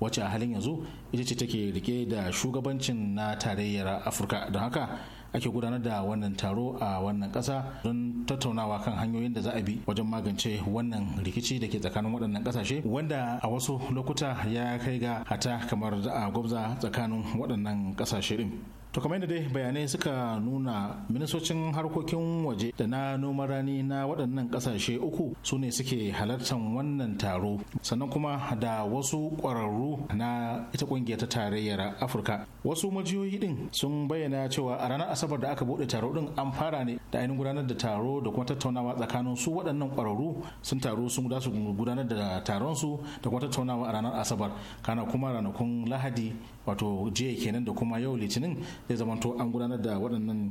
wacce a halin yanzu ita ce take rike da shugabancin na tarayyar afirka don haka ake gudanar da wannan taro a wannan ƙasa don tattaunawa kan hanyoyin da za a bi wajen magance wannan rikici da ke tsakanin waɗannan ƙasashe wanda a wasu lokuta ya kai ga hata kamar da a gwabza tsakanin waɗannan ƙasashe ɗin To kamar yadda dai bayanai suka nuna ministocin harkokin waje da na noma rani na waɗannan ƙasashe uku su ne suke halartar wannan taro sannan kuma da wasu ƙwararru na ita ƙungiyar ta tarayyar Afirka. Wasu majiyoyi ɗin sun bayyana cewa a ranar Asabar da aka buɗe taro ɗin an fara ne da ainihin gudanar da taro da kuma tattaunawa tsakanin su waɗannan ƙwararru sun taro sun gudanar da taron su da kuma tattaunawa a ranar Asabar kana kuma ranakun Lahadi wato jiya kenan da kuma yau litinin zai zamanto an gudanar da waɗannan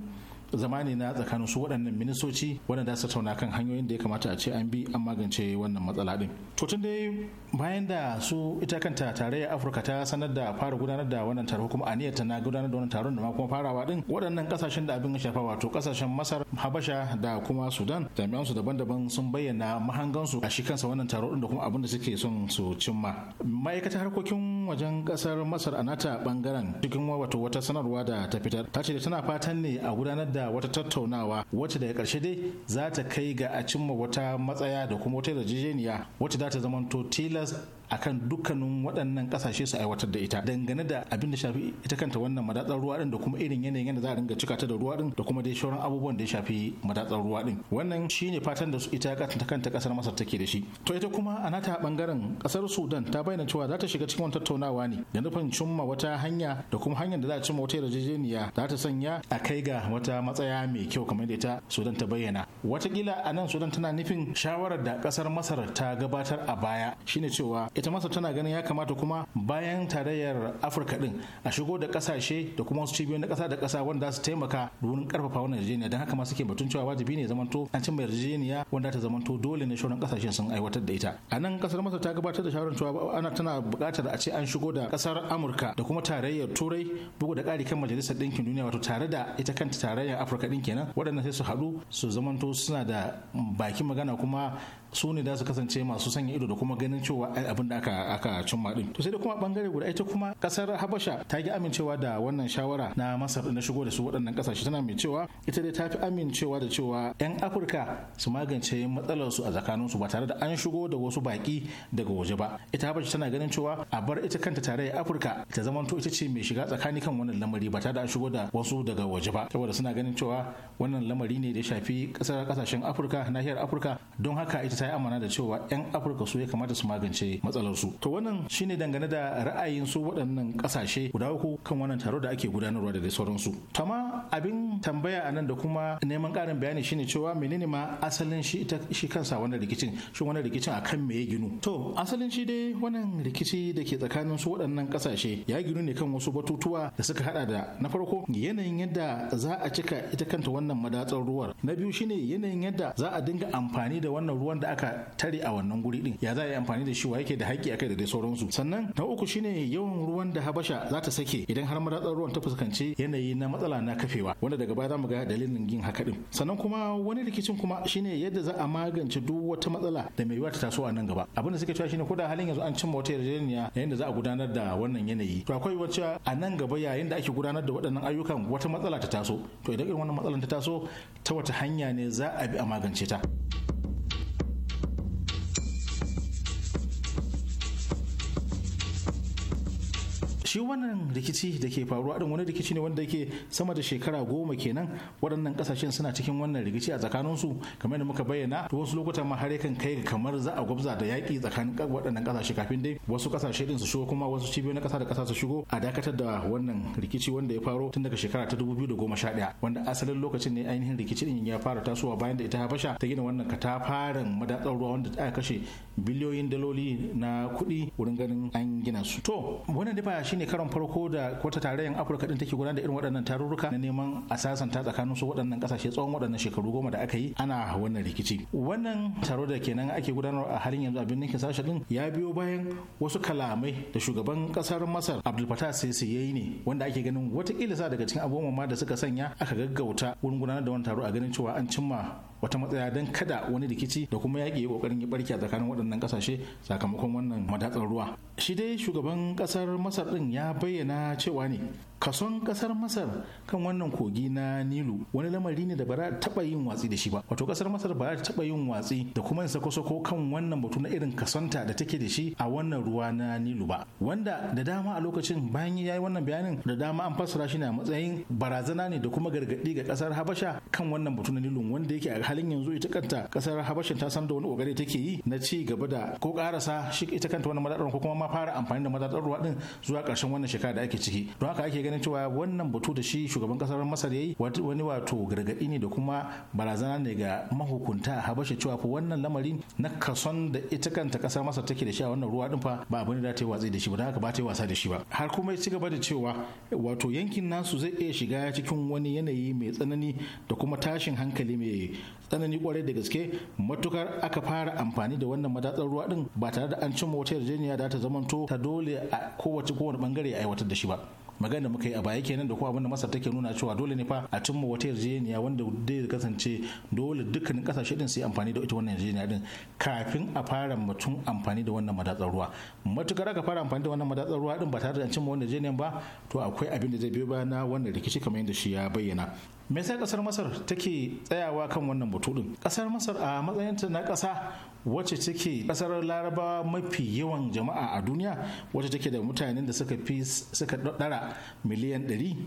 zamani na tsakanin su waɗannan ministoci waɗanda su tauna kan hanyoyin da ya kamata a ce an bi an magance wannan matsala din to tun dai bayan da su ita kanta tarayyar afirka ta sanar da fara gudanar da wannan taro kuma aniyar ta na gudanar da wannan taron da ma kuma farawa din waɗannan kasashen da abin ya shafa wato kasashen masar habasha da kuma sudan jami'ansu daban-daban sun bayyana mahangansu a shi kansa wannan taro din da kuma abin da suke son su cimma ma'aikatar harkokin wajen kasar masar a nata bangaren cikin wato wata sanarwa da ta fitar ta ce da tana fatan ne a gudanar da wata tattaunawa wacce daga ƙarshe dai za ta kai ga a cimma wata matsaya da kuma wata yarjejeniya wacce za ta zamanto tilas akan dukkanin waɗannan ƙasashe su aiwatar da ita dangane da abin da shafi ita kanta wannan madatsar ruwa din da kuma irin yanayin yadda za a dinga cika ta da ruwa din da kuma dai shauran abubuwan da ya shafi madatsar ruwa din wannan shine fatan da su ita kanta kanta kasar Masar take da shi to ita kuma a nata bangaren ƙasar Sudan ta bayyana cewa za ta shiga cikin tattaunawa ne da nufin cimma wata hanya da kuma hanyar da za a cimma wata yarjejeniya za ta sanya a kai ga wata matsaya mai kyau kamar da ita Sudan ta bayyana watakila a nan Sudan tana nufin shawarar da kasar Masar ta gabatar a baya shine cewa ita masar tana ganin ya kamata kuma bayan tarayyar afirka din a shigo da kasashe da kuma wasu cibiyoyin na kasa da kasa wanda su taimaka domin karfafa wannan yarjejeniya don haka ma suke batun cewa wajibi ne zamanto an cimma yarjejeniya wanda ta zamanto dole ne shauran kasashen sun aiwatar da ita a nan kasar masar ta gabatar da shawarar cewa ana tana buƙatar a ce an shigo da kasar amurka da kuma tarayyar turai bugu da ƙari kan majalisar ɗinkin duniya wato tare da ita kanta tarayyar afirka din kenan waɗannan sai su haɗu su zamanto suna da bakin magana kuma su ne da su kasance masu sanya ido da kuma ganin cewa abin da aka aka cimma din to sai da kuma bangare guda ita kuma kasar habasha ta yi amincewa da wannan shawara na masar na shigo da su waɗannan kasashe tana mai cewa ita dai ta fi amincewa da cewa 'yan afirka su magance matsalar su a tsakanin su ba tare da an shigo da wasu baki daga waje ba ita habasha tana ganin cewa a bar ita kanta tare da afirka ta zamanto ita ce mai shiga tsakani kan wannan lamari ba tare da an shigo da wasu daga waje ba saboda suna ganin cewa wannan lamari ne da ya shafi kasar kasashen afirka nahiyar afirka don haka ita ta yi amana da cewa 'yan afirka su ya kamata su magance matsalar su to wannan shine dangane da ra'ayin su waɗannan ƙasashe guda uku kan wannan taro da ake gudanarwa da dai to tama abin tambaya a nan da kuma neman ƙarin bayani shine cewa menene ma asalin shi ita shi kansa wannan rikicin shi wannan rikicin akan me ya ginu to asalin shi dai wannan rikici da ke tsakanin su waɗannan ƙasashe ya ginu ne kan wasu batutuwa da suka hada da na farko yanayin yadda za a cika ita kanta wannan madatsar ruwar na biyu shine yanayin yadda za a dinga amfani da wannan ruwan da aka tare a wannan guri din ya za a yi amfani da shi wa yake da haƙƙi akai da dai sauransu sannan na uku shine yawan ruwan da habasha za ta sake idan har madatsar ruwan ta fuskanci yanayi na matsala na kafewa wanda daga baya za mu ga dalilin yin haka din sannan kuma wani rikicin kuma shine yadda za a magance duk wata matsala da mai yiwuwa ta taso a nan gaba abin da suke cewa shine koda halin yanzu an cimma wata yarjejeniya yayin da za a gudanar da wannan yanayi to akwai wacce a nan gaba yayin da ake gudanar da waɗannan ayyukan wata matsala ta taso to idan irin wannan matsalar ta taso ta wata hanya ne za a bi a magance ta. shi wannan rikici da ke faruwa din wani rikici ne wanda yake sama da shekara goma kenan waɗannan kasashen suna cikin wannan rikici a tsakaninsu kamar da muka bayyana to wasu lokutan ma har yakan kai kamar za a gwabza da yaƙi tsakanin waɗannan kasashe kafin dai wasu kasashe din su shigo kuma wasu cibiyoyin ƙasa da ƙasa su shigo a dakatar da wannan rikici wanda ya faro tun daga shekara ta 2011 wanda asalin lokacin ne ainihin rikici din ya fara tasowa bayan da ita Habasha ta gina wannan katafaren madatsar ruwa wanda aka kashe biliyoyin daloli na kuɗi wurin ganin an gina su to wannan dafa shine ne karon farko da wata tarayyar afirka din take gudanar da irin waɗannan tarurruka na neman a sasanta tsakanin su waɗannan ƙasashe tsawon waɗannan shekaru goma da aka yi ana wannan rikici wannan taro da kenan ake gudanarwa a halin yanzu abin ninkin sashe din ya biyo bayan wasu kalamai da shugaban ƙasar masar abdul fatah sisi yayi ne wanda ake ganin wata sa daga cikin abubuwan ma da suka sanya aka gaggauta wurin gudanar da wannan taro a ganin cewa an cimma wata matsaya don kada wani rikici da kuma yaƙi ya ƙoƙarin ya barke a tsakanin waɗannan ƙasashe sakamakon wannan madatsar ruwa shi dai shugaban ƙasar masar ɗin ya bayyana cewa ne kason kasar masar kan wannan kogi na nilu wani lamari ne da ba za taɓa yin watsi da shi ba wato kasar masar ba za taɓa yin watsi da kuma yin sako-sako kan wannan batu na irin kasanta da take da shi a wannan ruwa na nilu ba wanda da dama a lokacin bayan ya yi wannan bayanin da dama an fassara shi ne a matsayin barazana ne da kuma gargaɗi ga kasar habasha kan wannan batu na Nilu. wanda yake a halin yanzu ita kanta kasar habashin ta san da wani kokari take yi na ci gaba da ko karasa shi ita kanta wannan madatsar ko kuma ma fara amfani da madatsar ruwa din zuwa karshen wannan shekara da ake ciki don haka ake ganin ganin cewa wannan batu da shi shugaban kasar masar ya yi wani wato gargaɗi ne da kuma barazana ne ga mahukunta a habasha cewa fa wannan lamari na kason da ita kanta kasar masar take da shi a wannan ruwa din fa ba abin da ta yi watsi da shi ba da haka ba ta yi wasa da shi ba har kuma ya ci gaba da cewa wato yankin nasu zai iya shiga cikin wani yanayi mai tsanani da kuma tashin hankali mai tsanani kwarai da gaske matukar aka fara amfani da wannan madatsar ruwa din ba tare da an cimma wata yarjejeniya da ta zamanto ta dole a kowace kowane bangare a aiwatar da shi ba magana muka yi a baya kenan da kuma abinda masar take nuna cewa dole ne fa a cimma wata yarjejeniya wanda zai kasance dole dukkanin kasashe din su yi amfani da ita wannan yarjejeniya din kafin a fara mutum amfani da wannan madatsar ruwa matukar aka fara amfani da wannan madatsar ruwa din ba tare da an cimma wannan yarjejeniyan ba to akwai abin da zai biyo baya na wannan rikici kamar yadda shi ya bayyana me sai kasar masar take tsayawa kan wannan batu din kasar masar a matsayinta na kasa wacce take kasar larabawa mafi yawan jama'a a duniya wacce take da mutanen da suka fi suka dara miliyan ɗari.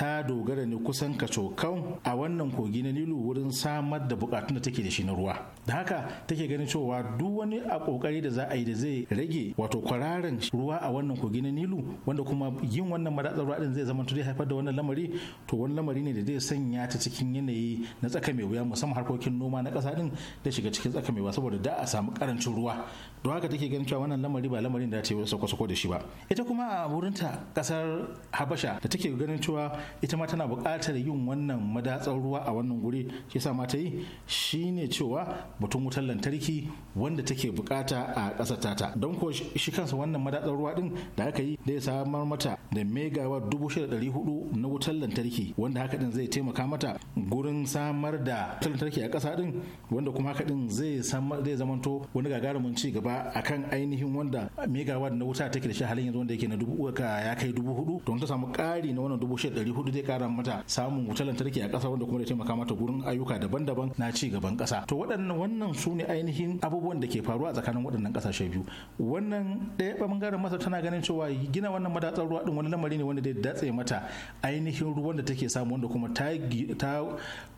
ta dogara ne kusan kacokan a wannan kogi na nilu wurin samar da bukatun da take da shi na ruwa da haka take ganin cewa duk wani a kokari da za a yi da zai rage wato kwararan ruwa a wannan kogi na nilu wanda kuma yin wannan maratsar ruwa din zai zama zai haifar da wannan lamari to wani lamari ne da zai sanya ta cikin yanayi na tsaka mai wuya musamman harkokin noma na kasa din da shiga cikin tsaka mai wuya saboda da a samu karancin ruwa don haka take ganin cewa wannan lamari ba lamarin da ta yi sako da shi ba ita kuma a wurinta kasar habasha da take ganin cewa ita ma tana buƙatar yin wannan madatsar ruwa a wannan guri shi sa ma ta yi shine cewa batun wutar lantarki wanda take buƙata a ƙasar tata don ko shi kansa wannan madatsar ruwa din da aka yi da ya samar mata da megawa dubu shida ɗari hudu na wutar lantarki wanda haka din zai taimaka mata gurin samar da wutar lantarki a ƙasa din wanda kuma haka din zai zamanto wani gagarumin ci gaba ba akan ainihin wanda megawatt na wuta take da shi halin yanzu wanda yake na dubu ka ya kai dubu hudu don ta samu ƙari na wannan dubu shida ɗari hudu zai ƙara mata samun wutar lantarki a ƙasa wanda kuma da taimaka mata gurin ayyuka daban-daban na ci gaban ƙasa to waɗannan wannan su ne ainihin abubuwan da ke faruwa a tsakanin waɗannan ƙasashe biyu wannan ɗaya ɓangaren masa tana ganin cewa gina wannan madatsar ruwa ɗin wani lamari ne wanda zai datse mata ainihin ruwan da take samu wanda kuma ta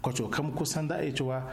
kwacokam kusan za a yi cewa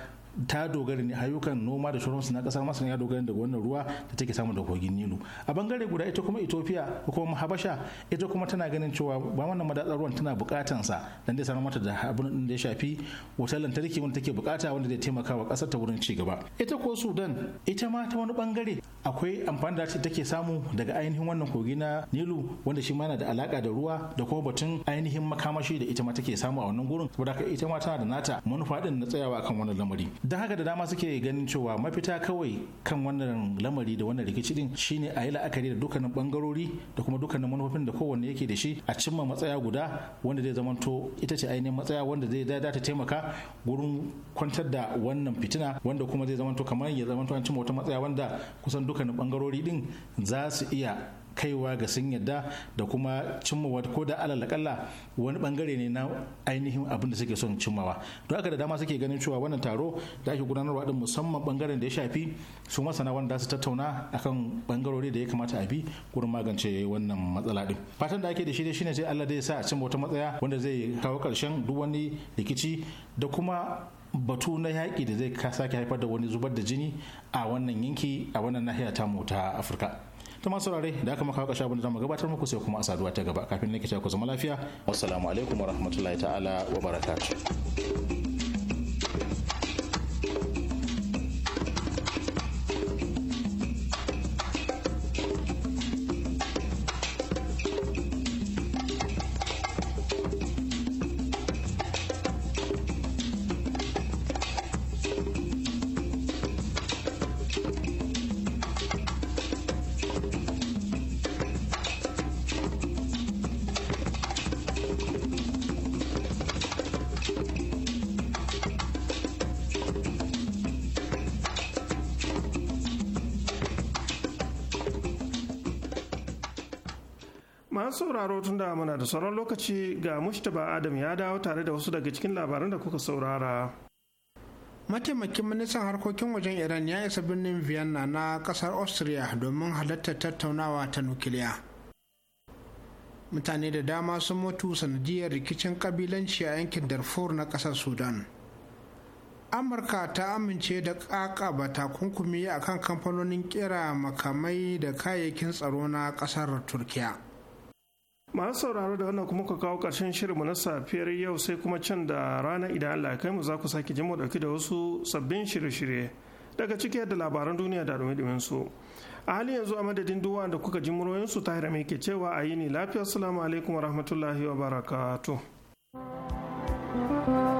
ta dogara ne ayyukan noma da shuransu na kasar masar ya dogara daga wannan ruwa da take samu da kogin nilu a bangare guda ita kuma ethiopia ko kuma habasha ita kuma tana ganin cewa ba wannan madatsar ruwan tana bukatan sa dan dai sanar mata da abin din da ya shafi wutar lantarki wanda take bukata wanda zai taimaka wa kasar ta wurin ci gaba ita ko sudan ita ma ta wani bangare akwai amfani da take samu daga ainihin wannan kogi na nilu wanda shi ma yana da alaka da ruwa da kuma batun ainihin makamashi da ita ma take samu a wannan gurin saboda ita ma tana da nata manufa din na tsayawa akan wannan lamari don haka da dama suke ganin cewa mafita kawai kan wannan lamari da wannan rikici din shine a yi la'akari da dukkanin bangarori da kuma dukkanin manufofin da kowanne yake da shi a cimma matsaya guda wanda zai zamanto ita ce ainihin matsaya wanda zai dada ta taimaka gurin kwantar da wannan fitina wanda kuma zai zamanto kamar ya zamanto an cimma wata matsaya wanda kusan dukkanin bangarori din za su iya kaiwa ga sun yadda da kuma cimmawa ko da alal kalla wani bangare ne na ainihin abin da suke son cimmawa don haka da dama suke ganin cewa wannan taro da ake gudanarwa din musamman bangaren da ya shafi su masana wanda su tattauna akan bangarori da ya kamata a bi gurin magance wannan matsala din fatan da ake da shi ne shine sai Allah zai sa a cimma wata matsaya wanda zai kawo karshen duk wani rikici da kuma batu na yaƙi da zai sake haifar da wani zubar da jini a wannan yanki a wannan nahiya tamu ta afirka ta masu rare da aka maka kasha abin da zamu gabatar muku sai kuma a saduwa ta gaba kafin nake ta ku zama lafiya salamu alaikum warahmatullahi ta'ala wa barakatuh masu sauraro tun da muna da sauran lokaci ga Mustapha adam ya dawo tare da wasu daga cikin labaran da kuka saurara mataimakin ministan harkokin wajen iran ya isa birnin vienna na kasar austria domin halartar tattaunawa ta nukiliya mutane da dama sun mutu sanadiyar rikicin kabilanci a yankin darfur na kasar sudan amurka ta amince da ba takunkumi a kan kamfanonin kera makamai da kayayyakin tsaro na ƙasar turkiya masu sauraro da wannan kuma ka kawo ƙarshen shirinmu na safiyar yau sai kuma can da rana idan Allah kai mu za ku sake jin mu dauki da wasu sabbin shirye-shirye daga ciki yadda labaran duniya da dumi su a halin yanzu a madadin duwa da kuka ji muroyin su ta hira ke cewa a yi ni lafiya assalamu alaikum wa rahmatullahi wa barakatuh